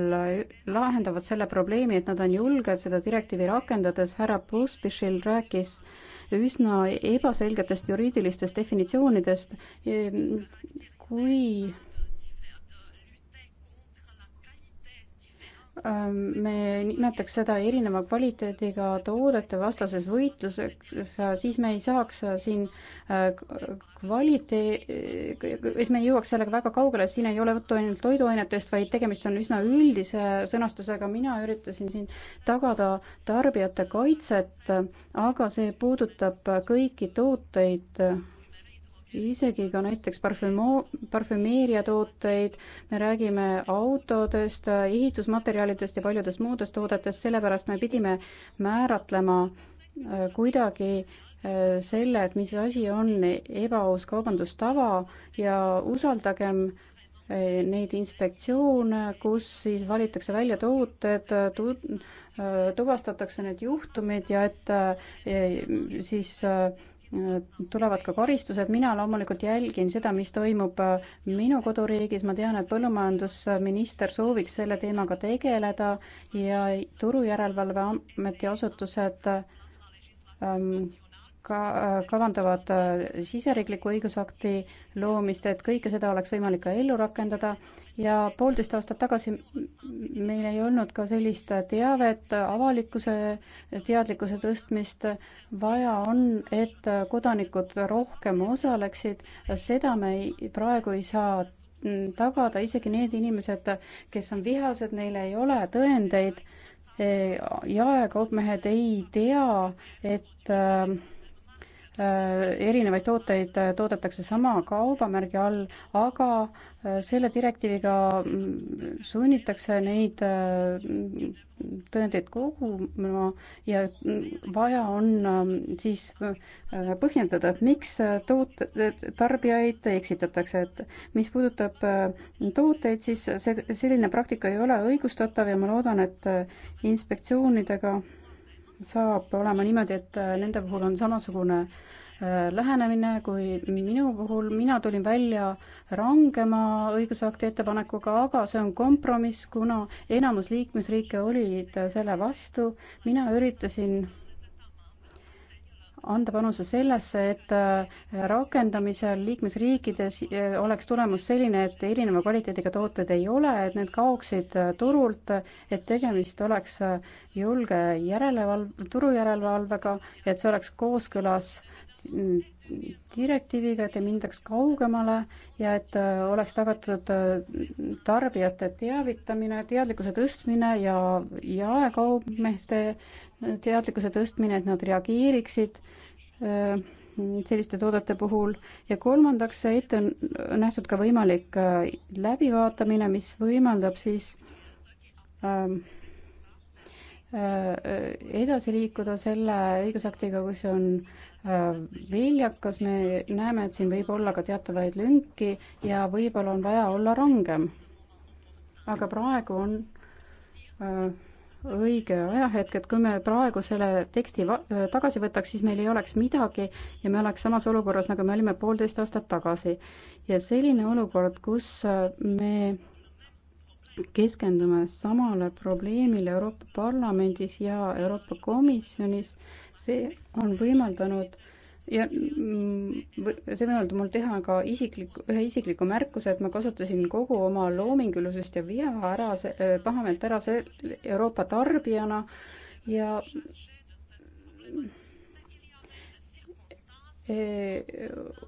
lahendavad selle probleemi, et nad on julged seda direktiivi rakendades, härra Pospišil rääkis üsna ebaselgetest juriidilistest definitsioonidest, kui Ähm, me nimetaks seda erineva kvaliteediga toodete vastases võitluseks, äh, siis me ei saaks äh, siin äh, kvaliteet, siis me ei jõuaks sellega väga kaugele, siin ei ole juttu ainult toiduainetest, vaid tegemist on üsna üldise sõnastusega, mina üritasin siin tagada tarbijate kaitset, aga see puudutab kõiki tooteid isegi ka näiteks parfümo-, parfümeeriatooteid, me räägime autodest, ehitusmaterjalidest ja paljudest muudest toodetest, sellepärast me pidime määratlema äh, kuidagi äh, selle, et mis asi on ebaaus kaubandustava ja usaldagem äh, neid inspektsioone, kus siis valitakse välja tooted tu, tuvastatakse need juhtumid ja et siis tulevad ka karistused, mina loomulikult jälgin seda, mis toimub minu koduriigis, ma tean, et põllumajandusminister sooviks selle teemaga tegeleda ja Turujärelevalve Ameti asutused ähm, ka kavandavad äh, siseriikliku õigusakti loomist, et kõike seda oleks võimalik ka ellu rakendada ja poolteist aastat tagasi meil ei olnud ka sellist teavet, avalikkuse teadlikkuse tõstmist, vaja on, et kodanikud rohkem osaleksid, seda me ei, praegu ei saa mm, tagada, isegi need inimesed, kes on vihased, neil ei ole tõendeid, e, jaekaupmehed ei tea, et äh, Äh, erinevaid tooteid äh, toodetakse sama kaubamärgi all, aga äh, selle direktiiviga mm, sunnitakse neid tõendeid koguma ja mm, vaja on ähm, siis põhjendada, et miks toot-, tarbijaid eksitatakse, et mis puudutab tooteid, siis see, selline praktika ei ole õigustatav ja ma loodan, et inspektsioonidega saab olema niimoodi, et äh, nende puhul on samasugune äh, lähenemine kui minu puhul, mina tulin välja rangema õigusakti ettepanekuga, aga see on kompromiss, kuna enamus liikmesriike olid äh, selle vastu, mina üritasin anda panuse sellesse, et äh, rakendamisel liikmesriikides äh, oleks tulemus selline, et erineva kvaliteediga tooteid ei ole, et need kaoksid äh, turult, et tegemist oleks julge järelevalv-, turujärelevalvega ja et see oleks kooskõlas direktiiviga, et ei mindaks kaugemale ja et äh, oleks tagatud äh, tarbijate teavitamine, teadlikkuse tõstmine ja jaekaupmeeste äh, teadlikkuse tõstmine, et nad reageeriksid selliste toodete puhul ja kolmandaks ette on nähtud ka võimalik läbivaatamine, mis võimaldab siis ähm, edasi liikuda selle õigusaktiga, kui see on Äh, viljakas, me näeme, et siin võib olla ka teatavaid lünki ja võib-olla on vaja olla rangem. aga praegu on äh, õige ajahetk, et kui me praegu selle teksti äh, tagasi võtaks, siis meil ei oleks midagi ja me oleks samas olukorras, nagu me olime poolteist aastat tagasi. ja selline olukord, kus me keskendume samale probleemile Euroopa Parlamendis ja Euroopa Komisjonis. see on võimaldanud ja mm, see võimaldab mul teha ka isiklik, ühe isikliku märkuse, et ma kasutasin kogu oma loomingulisust ja viha ära, äh, pahameelt ära see Euroopa tarbijana ja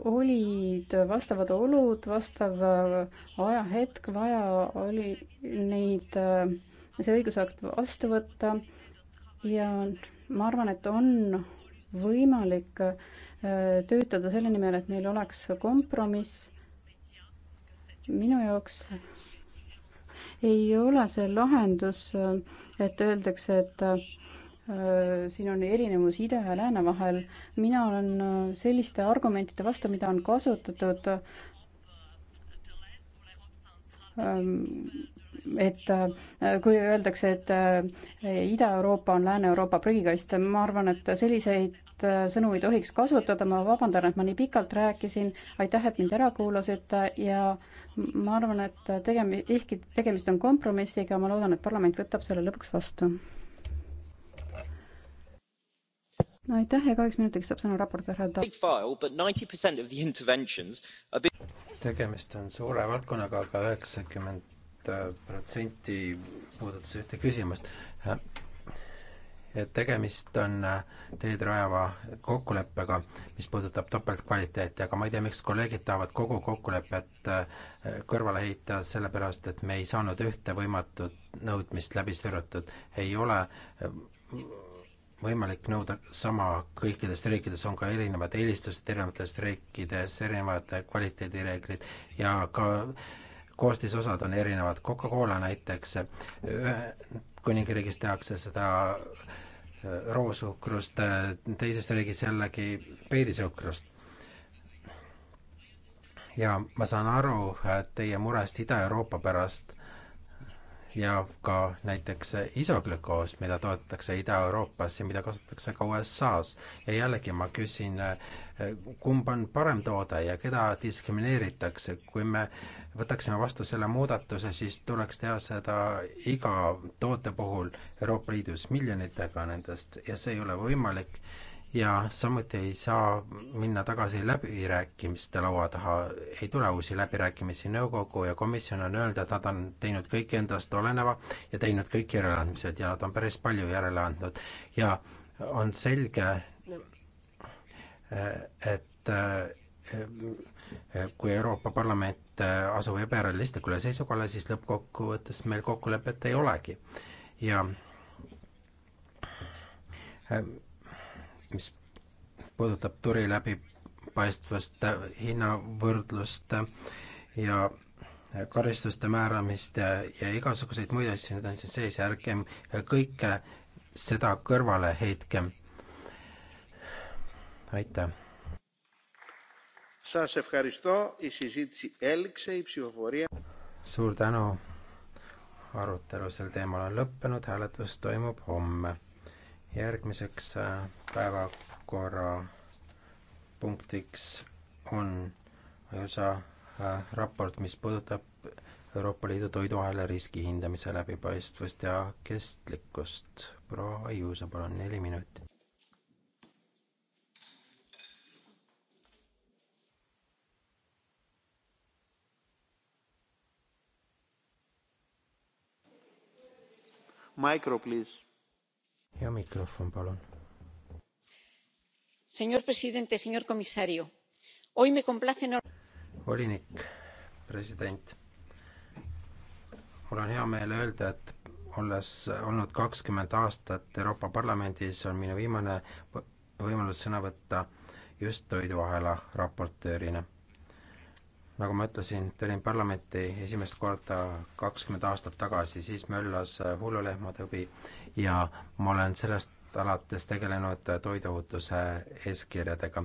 olid vastavad olud, vastav ajahetk, vaja oli neid, äh, see õigusakt vastu võtta ja ma arvan, et on võimalik äh, töötada selle nimel, et meil oleks kompromiss. minu jaoks ei ole see lahendus, äh, et öeldakse, et Äh, siin on erinevus ide ja lääne vahel. mina olen äh, selliste argumentide vastu, mida on kasutatud ähm, et äh, kui öeldakse, et Ida-Euroopa on Lääne-Euroopa prügikast, ma arvan, et selliseid sõnu ei tohiks kasutada, ma vabandan, et ma nii pikalt rääkisin, aitäh, et mind ära kuulasite ja ma arvan, et tegemi-, ehkki tegemist on kompromissiga, ma loodan, et parlament võtab selle lõpuks vastu no aitäh ja kaheks minutiks saab sõna raportöör Hedda. tegemist on suure valdkonnaga aga, aga üheksakümmend protsenti puudutas ühte küsimust. et tegemist on äh, teed rajava kokkuleppega, mis puudutab topeltkvaliteeti, aga ma ei tea, miks kolleegid tahavad kogu kokkulepet äh, kõrvale heita, sellepärast et me ei saanud ühte võimatut nõudmist läbi surutud, ei ole äh, võimalik nõuda sama kõikides riikides, on ka erinevad eelistused erinevates riikides, erinevad kvaliteedireeglid ja ka koostisosad on erinevad, Coca-Cola näiteks, Ühendkuningriigis tehakse seda äh, roosuhkrust, äh, teises riigis jällegi peedisuhkrust. ja ma saan aru äh, teie murest Ida-Euroopa pärast ja ka näiteks isoglükoos, mida toodetakse Ida-Euroopas ja mida kasutatakse ka USA-s. ja jällegi ma küsin, kumb on parem toode ja keda diskrimineeritakse, kui me võtaksime vastu selle muudatuse, siis tuleks teha seda iga toote puhul Euroopa Liidus miljonitega nendest ja see ei ole võimalik ja samuti ei saa minna tagasi läbirääkimiste laua taha, ei tule uusi läbirääkimisi, nõukogu ja komisjon on öelnud, et nad on teinud kõik endast oleneva ja teinud kõik järeleandmised ja nad on päris palju järele andnud ja on selge, et eh, kui Euroopa Parlament eh, asub ebarealistlikule seisukohale, siis lõppkokkuvõttes meil kokkulepet ei olegi ja eh, mis puudutab turi läbipaistvust, hinnavõrdlust ja karistuste määramist ja, ja igasuguseid muid asju, need on siin sees ja ärgem kõike seda kõrvale heitkem. aitäh. suur tänu. arutelu sel teemal on lõppenud, hääletus toimub homme järgmiseks äh, päevakorrapunktiks on USA äh, raport, mis puudutab Euroopa Liidu toiduahela riski hindamise läbipaistvust ja kestlikkust. proua Aiuso, palun neli minutit. Micro, please ja mikrofon palun. Señor presidente, señor comisario, hoy me complace no.... volinik, president. mul on hea meel öelda, et olles olnud kakskümmend aastat Euroopa Parlamendis, on minu viimane võimalus sõna võtta just toiduahela raportöörina nagu ma ütlesin, tulin parlamenti esimest korda kakskümmend aastat tagasi, siis möllas hullulehmade huvi ja ma olen sellest alates tegelenud toiduohutuse eeskirjadega.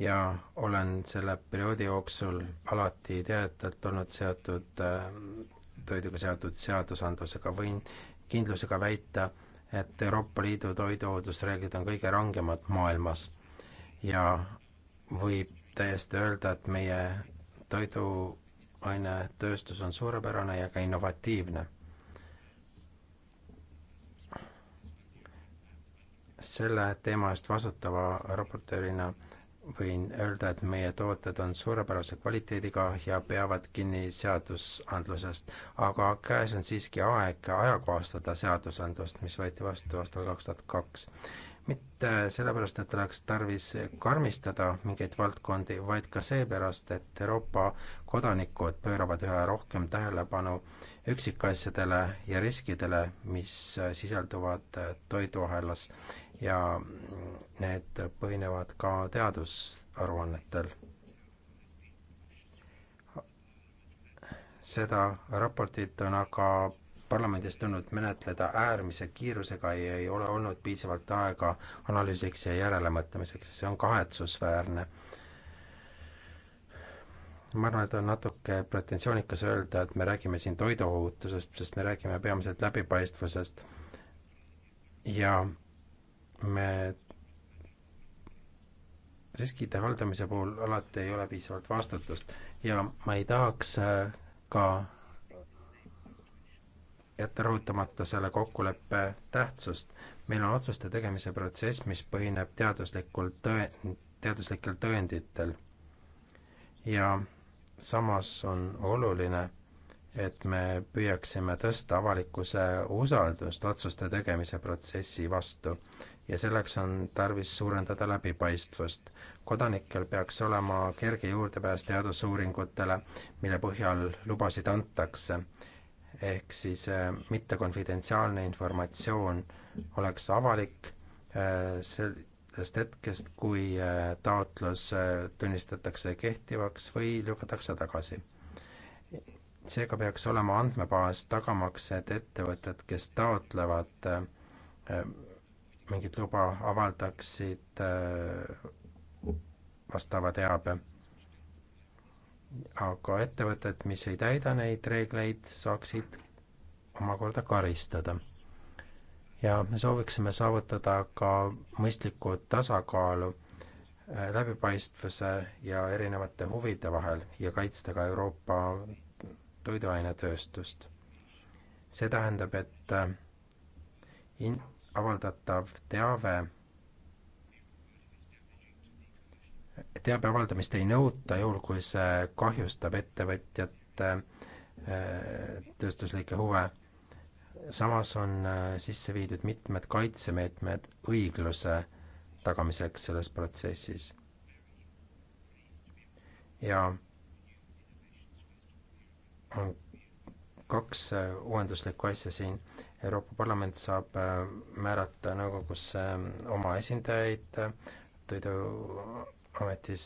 ja olen selle perioodi jooksul alati teadetelt olnud seotud toiduga seotud seadusandlusega, võin kindlusega väita, et Euroopa Liidu toiduohutusreeglid on kõige rangemad maailmas ja võib täiesti öelda, et meie toiduainetööstus on suurepärane ja ka innovatiivne. selle teema eest vastutava raportöörina võin öelda, et meie tooted on suurepärase kvaliteediga ja peavad kinni seadusandlusest, aga käes on siiski aeg ajakohastada seadusandlust, mis võeti vastu aastal kaks tuhat kaks mitte sellepärast, et oleks tarvis karmistada mingeid valdkondi, vaid ka seepärast, et Euroopa kodanikud pööravad üha rohkem tähelepanu üksikasjadele ja riskidele, mis sisalduvad toiduahelas ja need põhinevad ka teadusaruannetel. seda raportit on aga parlamendis tulnud menetleda äärmise kiirusega ja ei ole olnud piisavalt aega analüüsiks ja järelemõtlemiseks, see on kahetsusväärne. ma arvan, et on natuke pretensioonikas öelda, et me räägime siin toiduohutusest, sest me räägime peamiselt läbipaistvusest ja me riskide haldamise puhul alati ei ole piisavalt vastutust ja ma ei tahaks ka jätta rõhutamata selle kokkuleppe tähtsust. meil on otsuste tegemise protsess, mis põhineb teaduslikul tõe, teaduslikel tõenditel. ja samas on oluline, et me püüaksime tõsta avalikkuse usaldust otsuste tegemise protsessi vastu ja selleks on tarvis suurendada läbipaistvust. kodanikel peaks olema kerge juurdepääs teadusuuringutele, mille põhjal lubasid antakse ehk siis äh, mittekonfidentsiaalne informatsioon oleks avalik äh, sellest hetkest, kui äh, taotlus tunnistatakse kehtivaks või lükatakse tagasi. seega peaks olema andmebaas tagamaks, et ettevõtted, kes taotlevad mingit luba, avaldaksid vastava teabe aga ettevõtted, mis ei täida neid reegleid, saaksid omakorda karistada. ja me sooviksime saavutada ka mõistlikku tasakaalu äh, läbipaistvuse ja erinevate huvide vahel ja kaitsta ka Euroopa toiduainetööstust. see tähendab, et äh, in-, avaldatav teave teabe avaldamist ei nõuta juhul, kui see kahjustab ettevõtjate äh, tööstuslikke huve. samas on äh, sisse viidud mitmed kaitsemeetmed õigluse tagamiseks selles protsessis. ja on kaks äh, uuenduslikku asja siin. Euroopa Parlament saab määrata nõukogusse oma esindajaid toidu ametis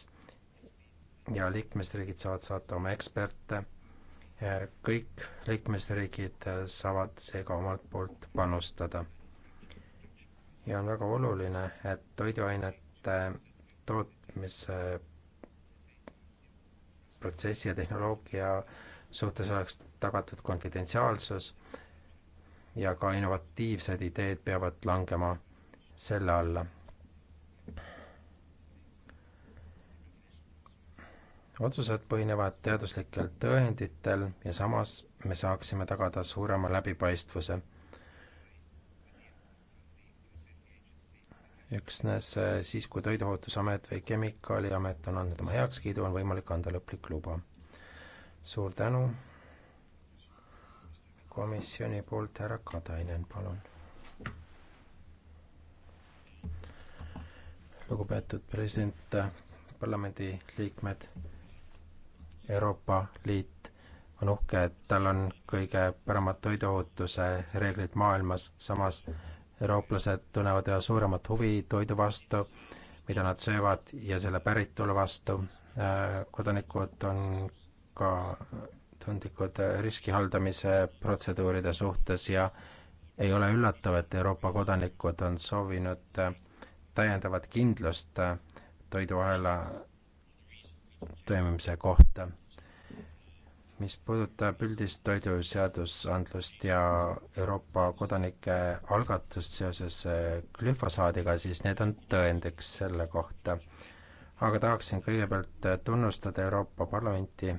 ja liikmesriigid saavad saata oma eksperte. kõik liikmesriigid saavad seega omalt poolt panustada. ja on väga oluline, et toiduainete tootmise protsessi ja tehnoloogia suhtes oleks tagatud konfidentsiaalsus ja ka innovatiivsed ideed peavad langema selle alla otsused põhinevad teaduslikel tõenditel ja samas me saaksime tagada suurema läbipaistvuse. üksnes äh, siis, kui Toiduohutusamet või Kemikaaliamet on andnud oma heakskiidu, on võimalik anda lõplik luba. suur tänu komisjoni poolt härra Katainen, palun. lugupeetud president, äh, parlamendi liikmed Euroopa Liit on uhke, et tal on kõige paremad toiduohutuse reeglid maailmas, samas eurooplased tunnevad üha suuremat huvi toidu vastu, mida nad söövad ja selle päritolu vastu. Äh, kodanikud on ka tundlikud riski haldamise protseduuride suhtes ja ei ole üllatav, et Euroopa kodanikud on soovinud äh, täiendavat kindlust äh, toiduahela toimimise kohta, mis puudutab üldist toiduseadusandlust ja Euroopa kodanike algatust seoses äh, glüfosaadiga, siis need on tõendiks selle kohta. aga tahaksin kõigepealt äh, tunnustada Euroopa Parlamenti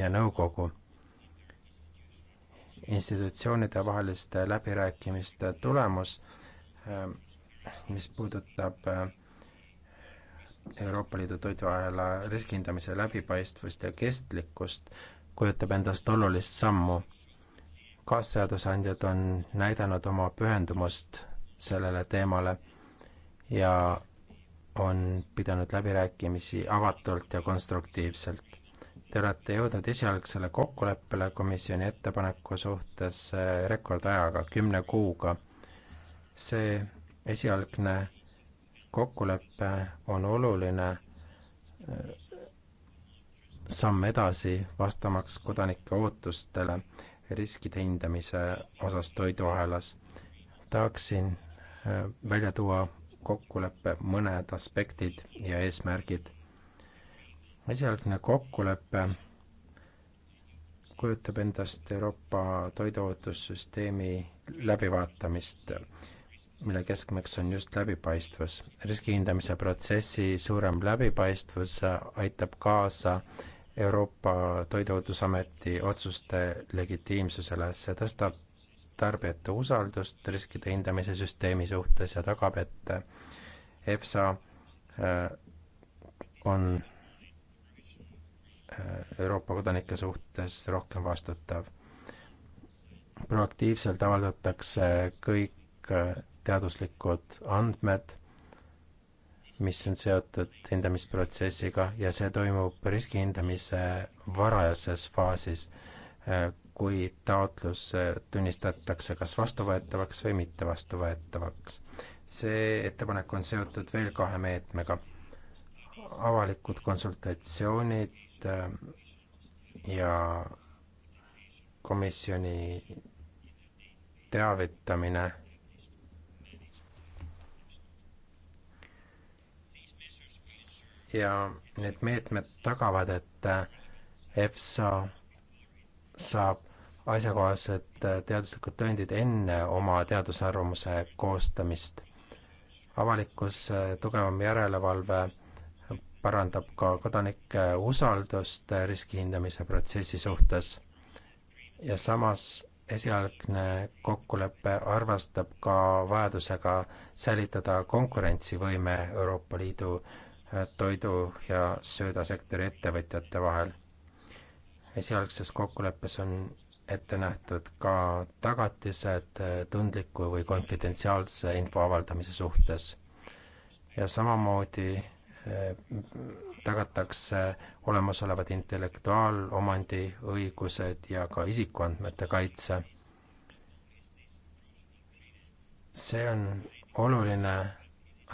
ja Nõukogu institutsioonide vaheliste läbirääkimiste tulemus, äh, mis puudutab Euroopa Liidu toiduahela riskihindamise läbipaistvust ja kestlikkust kujutab endast olulist sammu. kaasseadusandjad on näidanud oma pühendumust sellele teemale ja on pidanud läbirääkimisi avatult ja konstruktiivselt. Te olete jõudnud esialgsele kokkuleppele komisjoni ettepaneku suhtes rekordajaga, kümne kuuga. see esialgne kokkulepe on oluline äh, samm edasi vastamaks kodanike ootustele riskide hindamise osas toiduahelas. tahaksin äh, välja tuua kokkuleppe mõned aspektid ja eesmärgid. esialgne kokkulepe kujutab endast Euroopa toiduohutussüsteemi läbivaatamist mille keskmeks on just läbipaistvus. riskihindamise protsessi suurem läbipaistvus aitab kaasa Euroopa Toiduohutusameti otsuste legitiimsusele, see tõstab tarbijate usaldust riskide hindamise süsteemi suhtes ja tagab, et EFSA äh, on äh, Euroopa kodanike suhtes rohkem vastutav. proaktiivselt avaldatakse kõik äh, teaduslikud andmed, mis on seotud hindamisprotsessiga ja see toimub riskihindamise varajases faasis, äh, kui taotlus äh, tunnistatakse kas vastuvõetavaks või mitte vastuvõetavaks. see ettepanek on seotud veel kahe meetmega. avalikud konsultatsioonid äh, ja komisjoni teavitamine ja need meetmed tagavad, et äh, EFSA saab asjakohased äh, teaduslikud tõendid enne oma teadusarvamuse koostamist. avalikkus, äh, tugevam järelevalve parandab ka kodanike usaldust riski hindamise protsessi suhtes. ja samas esialgne kokkulepe arvestab ka vajadusega säilitada konkurentsivõime Euroopa Liidu Äh, toidu ja söödasektori ettevõtjate vahel. esialgses kokkuleppes on ette nähtud ka tagatised äh, tundliku või konfidentsiaalse info avaldamise suhtes ja samamoodi äh, tagatakse olemasolevad intellektuaalomandi õigused ja ka isikuandmete kaitse. see on oluline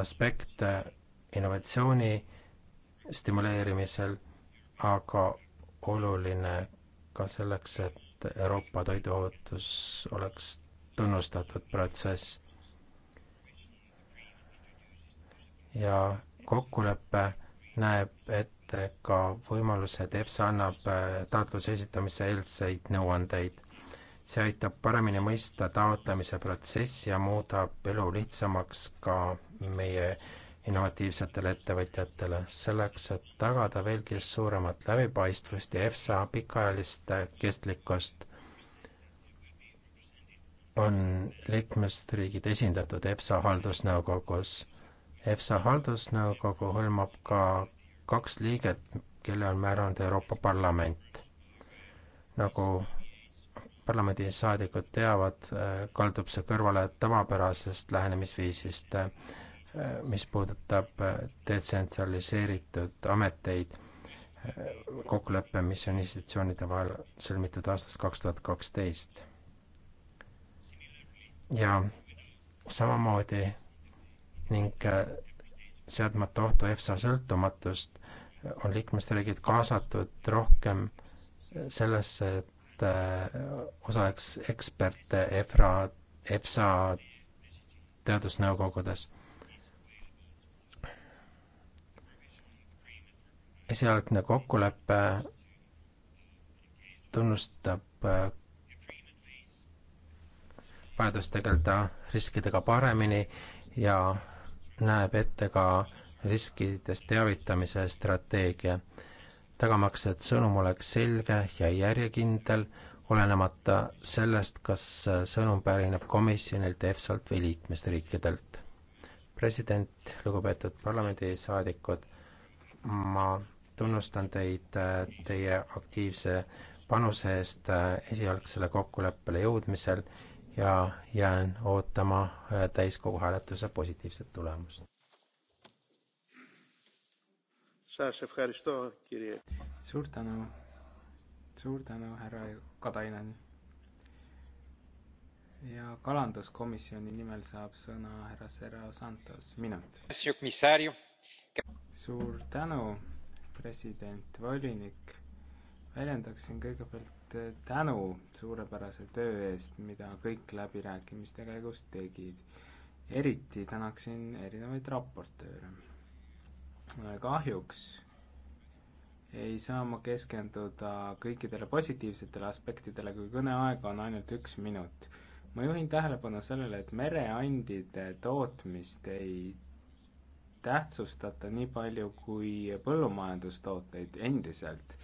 aspekt innovatsiooni stimuleerimisel, aga oluline ka selleks, et Euroopa toiduohutus oleks tunnustatud protsess. ja kokkulepe näeb ette ka võimaluse, et EFSA annab äh, taotluse esitamise eelseid nõuandeid. see aitab paremini mõista taotlemise protsessi ja muudab elu lihtsamaks ka meie innovatiivsetele ettevõtjatele, selleks et tagada veelgi suuremat läbipaistvust ja EFSA pikaajalist kestlikkust, on liikmesriigid esindatud EFSA haldusnõukogus. EFSA haldusnõukogu hõlmab ka kaks liiget, kelle on määranud Euroopa Parlament. nagu parlamendisaadikud teavad, kaldub see kõrvale tavapärasest lähenemisviisist mis puudutab äh, detsentraliseeritud ameteid, äh, kokkulepe, mis on institutsioonide vahel sõlmitud aastast kaks tuhat kaksteist. ja samamoodi ning äh, seadmata ohtu EFSA sõltumatust, on liikmesriigid kaasatud rohkem sellesse, et osaleks eksperte EFRA, EFSA teadusnõukogudes esialgne kokkulepe tunnustab äh, vajadust tegeleda riskidega paremini ja näeb ette ka riskidest teavitamise strateegia, tagamaks, et sõnum oleks selge ja järjekindel, olenemata sellest, kas sõnum pärineb komisjonilt, EFSA-lt või liikmesriikidelt. president, lugupeetud parlamendisaadikud, ma tunnustan teid äh, teie aktiivse panuse eest äh, esialgsele kokkuleppele jõudmisel ja jään ootama äh, täiskogu hääletuse positiivset tulemust. suur tänu, suur tänu, härra Katainen. ja kalanduskomisjoni nimel saab sõna härra Serra Santos, minut. suur tänu president, volinik, väljendaksin kõigepealt eh, tänu suurepärase töö eest, mida kõik läbirääkimiste käigus tegid. eriti tänaksin erinevaid raportööre. kahjuks ei saa ma keskenduda kõikidele positiivsetele aspektidele, kui kõneaega on ainult üks minut. ma juhin tähelepanu sellele, et mereandide tootmist ei tähtsustata nii palju kui põllumajandustooteid endiselt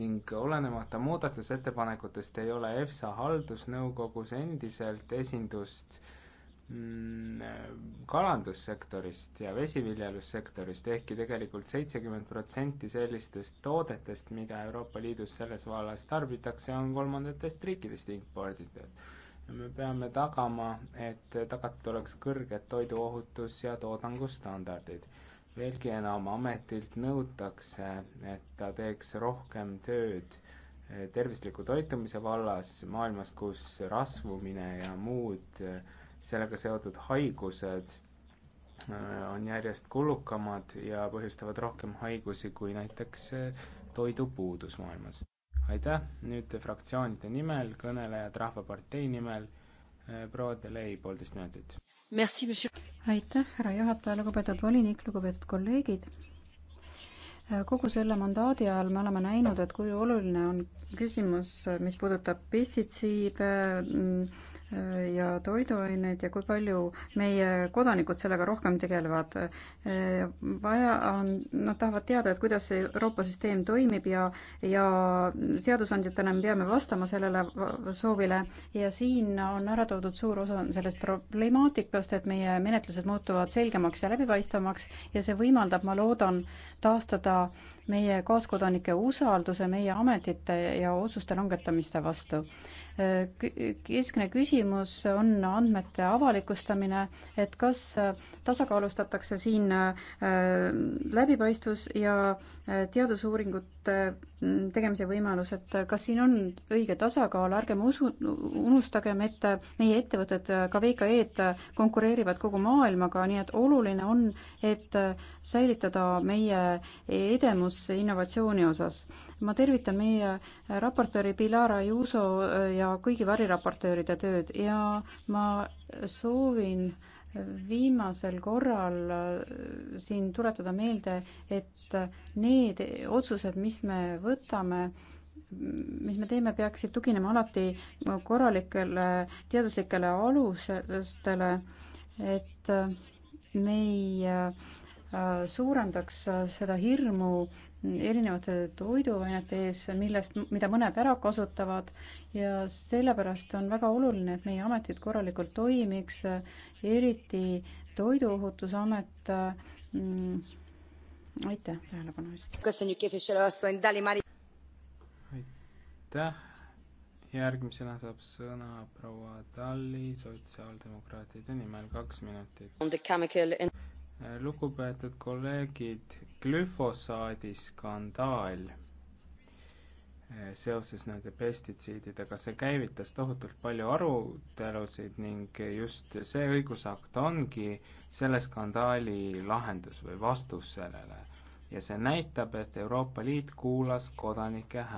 ning olenemata muudatusettepanekutest ei ole EFSA haldusnõukogus endiselt esindust mm, kalandussektorist ja vesiviljelussektorist, ehkki tegelikult seitsekümmend protsenti sellistest toodetest, mida Euroopa Liidus selles vallas tarbitakse, on kolmandatest riikidest imporditud me peame tagama, et tagatud oleks kõrged toiduohutus ja toodangustandardid. veelgi enam, ametilt nõutakse, et ta teeks rohkem tööd eh, tervisliku toitumise vallas maailmas, kus rasvumine ja muud eh, sellega seotud haigused eh, on järjest kulukamad ja põhjustavad rohkem haigusi kui näiteks toidupuudus maailmas aitäh, nüüd fraktsioonide nimel, kõnelejad Rahvapartei nimel, eh, proua Delei, poolteist minutit. aitäh, härra juhataja, lugupeetud volinik, lugupeetud kolleegid eh, kogu selle mandaadi ajal me oleme näinud, et kui oluline on küsimus, mis puudutab pestitsiide, mm, ja toiduaineid ja kui palju meie kodanikud sellega rohkem tegelevad. vaja on, nad tahavad teada, et kuidas see Euroopa süsteem toimib ja, ja seadusandjatena me peame vastama sellele soovile ja siin on ära toodud suur osa sellest problemaatikast, et meie menetlused muutuvad selgemaks ja läbipaistvamaks ja see võimaldab, ma loodan, taastada meie kaaskodanike usalduse meie ametite ja otsuste langetamiste vastu. keskne küsimus on andmete avalikustamine, et kas äh, tasakaalustatakse siin äh, läbipaistvus ja äh, teadusuuringut otsuste äh, tegemise võimalused, kas siin on õige tasakaal, ärgem usu, unustagem, et meie ettevõtted, ka VKE-d konkureerivad kogu maailmaga, nii et oluline on, et säilitada meie edemus innovatsiooni osas. ma tervitan meie raportööri Pilar Ajuso ja kõigi variraportööride tööd ja ma soovin äh, viimasel korral äh, siin tuletada meelde, et need otsused, mis me võtame, mis me teeme, peaksid tuginema alati korralikele teaduslikele alustele, et me ei äh, suurendaks seda hirmu erinevate toiduainete ees, millest, mida mõned ära kasutavad ja sellepärast on väga oluline, et meie ametid korralikult toimiks, eriti Toiduohutusamet. Mm, aitäh tähelepanu eest. aitäh, järgmisena saab sõna proua Talli sotsiaaldemokraatide nimel, kaks minutit lugupeetud kolleegid, glüfosaadi skandaal eh, seoses nende pestitsiididega, see käivitas tohutult palju arutelusid ning just see õigusakt ongi selle skandaali lahendus või vastus sellele. ja see näitab, et Euroopa Liit kuulas kodanike häält.